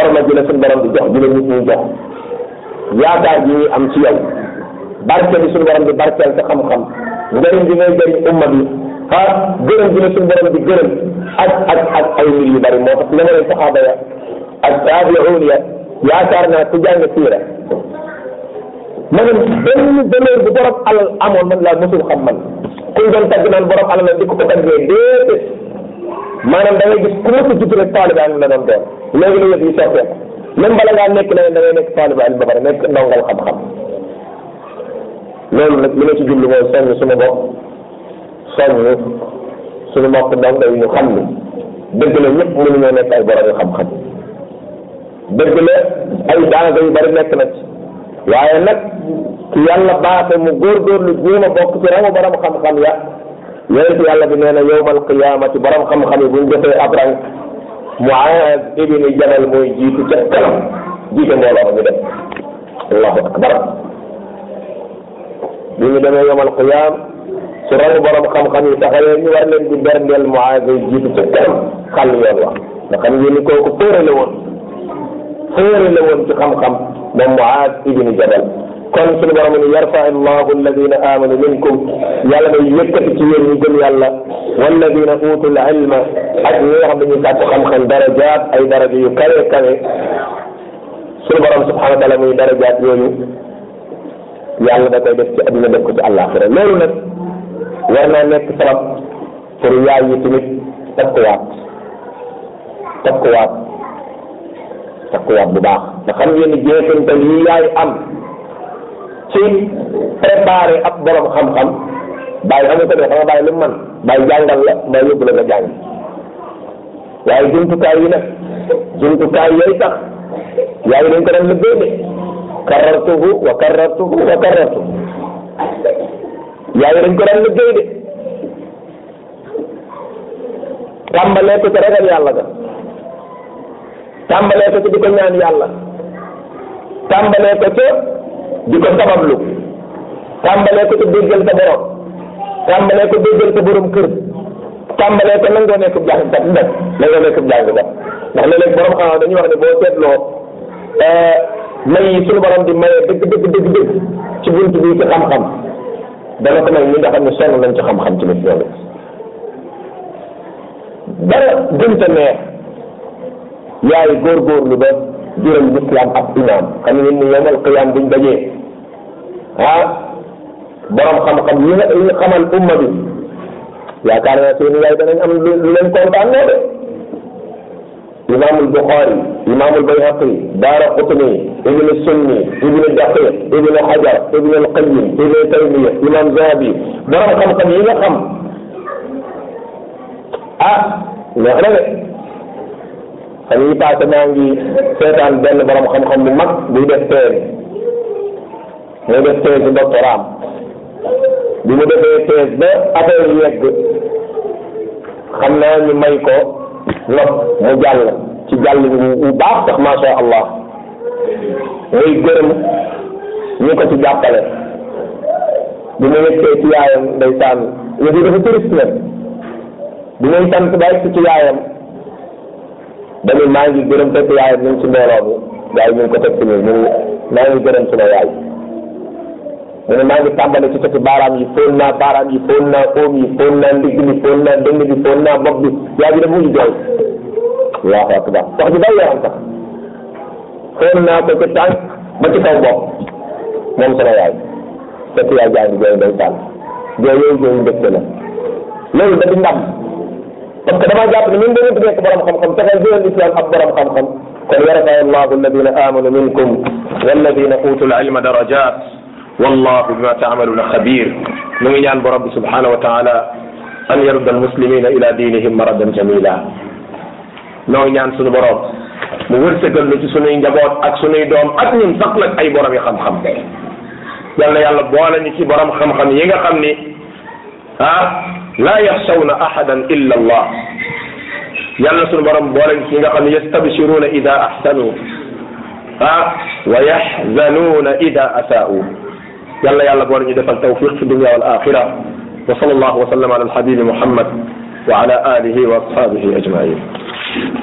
Speaker 1: orma ji la suñu borom di jox ji la nit jox yaakaar ji am ci yow barke bi suñu borom di barkeel sa xam-xam njëriñ bi ngay umma bi ah gërëm bi la suñu borom di gërëm ak ay mbir yu bari moo tax na nga leen saxaaba ya ak taabi'uun ya yaakaar naa ku jàng siira maanaam benn valeur bu borom alal amoon man laa mosul xam man kuñ doon tagg naan borom alal la di ko ko taggee déedéet maanaam da ngay gis ku mos a judd rek taalibe la doon doon. léegi nekk nekk taalibu ilm ba pare nekk ndongal xam-xam loolu nag li ma ci jublu mooy soññ suñu bopp soññ suñu mbokk ndongo yi ñu la nekk ay borom yu xam-xam dëgg la ay daanga yu bari nekk na ci waaye nag ki yàlla baaxe mu góorgóorlu jéem a bokk ci rangu borom xam-xam ya yonent yàlla bi nee na yowmal qiyaamati mu xam-xam yi buñ defee ab Muaz ibnu Jabal mooy jiitu ca kanam jiite mbooloo ñu
Speaker 2: dem
Speaker 1: allahu akbar bi ñu demee yomal qiyaam su rawu borom xam-xam yi taxawee ñu war leen di berndeel Muaz jiitu ca kanam xàll yoon wax nga xam ngeen ni kooku féere la woon féere la woon ci xam-xam moom Muaz ibnu Jabal kon suñu borom ni yarfa allahu alladina amanu minkum yalla day yëkkati ci yeen ñu gëm yalla walladina utul ilma ak ñi nga xam dañuy sàkk xam-xam darajaat ay daraja yu kawe kawe suñu borom subhanahu wa taala muy darajaat yooyu yalla da koy def ci aduna def ko ci alaxira loolu nag war naa nekk sabab pour yaay yi tamit takkuwaat takkuwaat takkuwaat bu baax nga xam ngeen ni jeexantal yi yaay am ci préparer ab borom xam-xam bàyyi xam nga ko def xam nga bàyyi lu mu mën bàyyi jàngal la bàyyi yóbbu la nga jàng waaye jumtukaay yi nag jumtukaay yooyu tax yaa ngi dañ de karartuhu wa karartuhu wa karartuhu yaa ngi dañ ko doon liggéey de tàmbalee ko ci ragal yàlla ga tàmbalee ko ci di ko sabablu tàmbalee ko ci déggal sa borom tàmbalee ko déggal sa borom kër tàmbalee ko nangoo nekk jàngkat nag nangoo nekk jàngkat ndax léeg-léeg borom xam dañuy wax ne boo seetloo eh, may yi suñu borom di maye dëgg dëgg dëgg dëgg ci bunt bi ci xam-xam dana ko may ñi nga xam ne sonn nañ ci xam-xam ci bés loolu dara gën sa neex yaay góorgóorlu ba جيرم الإسلام أب إمام يوم القيام بن ها برم خم خم يه خم الأمة دي يا كان سيني لا يدري أم لين كونتان البخاري إمام البيهقي دار قطني ابن السني ابن الدقيق ابن حجر ابن القيم ابن تيمية إمام زهبي برم خم خم يه خم ها نعرف xam yi passé maa ngi seetaan benn borom xam-xam bu mag buy def muy def thèse doctorat mu defee thèse ba affaire yegg xam naa ñu may ko nopp mu jàll ci jàll bu baax sax macha allah muy gërëm ñu ko ci jàppale bi mu yegsee ci yaayam ndeysaan ñu dafa turist nag bi muy sant ba ci yaayam dañu maa ngi gërëm fekk yaayam ñu ngi ci mbooloo mi yaay ñu ngi ko teg ci nii mu ngi maa ngi gërëm suma yaay mu ne maa ngi tàmbale ci tëti baaraam yi fóon naa baaraam yi fóon naa óom yi fóon naa ndigg bi fóon naa dënd bi fóon naa bopp bi yaay bi dafa mujj jooy allahu wax ji day yaram sax fóon naa ko ci tànk ba ci kaw bopp moom sama yaay fekk yaay jaa ngi jooy day tànn jooy yooyu jooyu mbégte la loolu da di parce que damaa jàpp ne même dañu nekk borom xam-xam taxal jëlal l'islam ab borom xam-xam kon yarfa allahu alladina amanu minkum walladina utul ilma darajat wallahu bima taamaluna xabir nu ngi ñaan borom bi subhanahu wa taala an yarudda almuslimina ila dinihim maradan jamila noo ñaan suñu borom mu wërsëgal lu ci sunuy njaboot ak sunuy doom ak ñun sax nag ay borom yi xam-xam yal yàlla boole ñu ci borom xam-xam yi nga xam ni ah لا يخشون احدا الا الله يلا سن برام بولن كيغا خامي يستبشرون اذا احسنوا ها ويحزنون اذا اساءوا يلا يلا بول ني ديفال توفيق في الدنيا والاخره وصلى الله وسلم على الحبيب محمد وعلى اله واصحابه اجمعين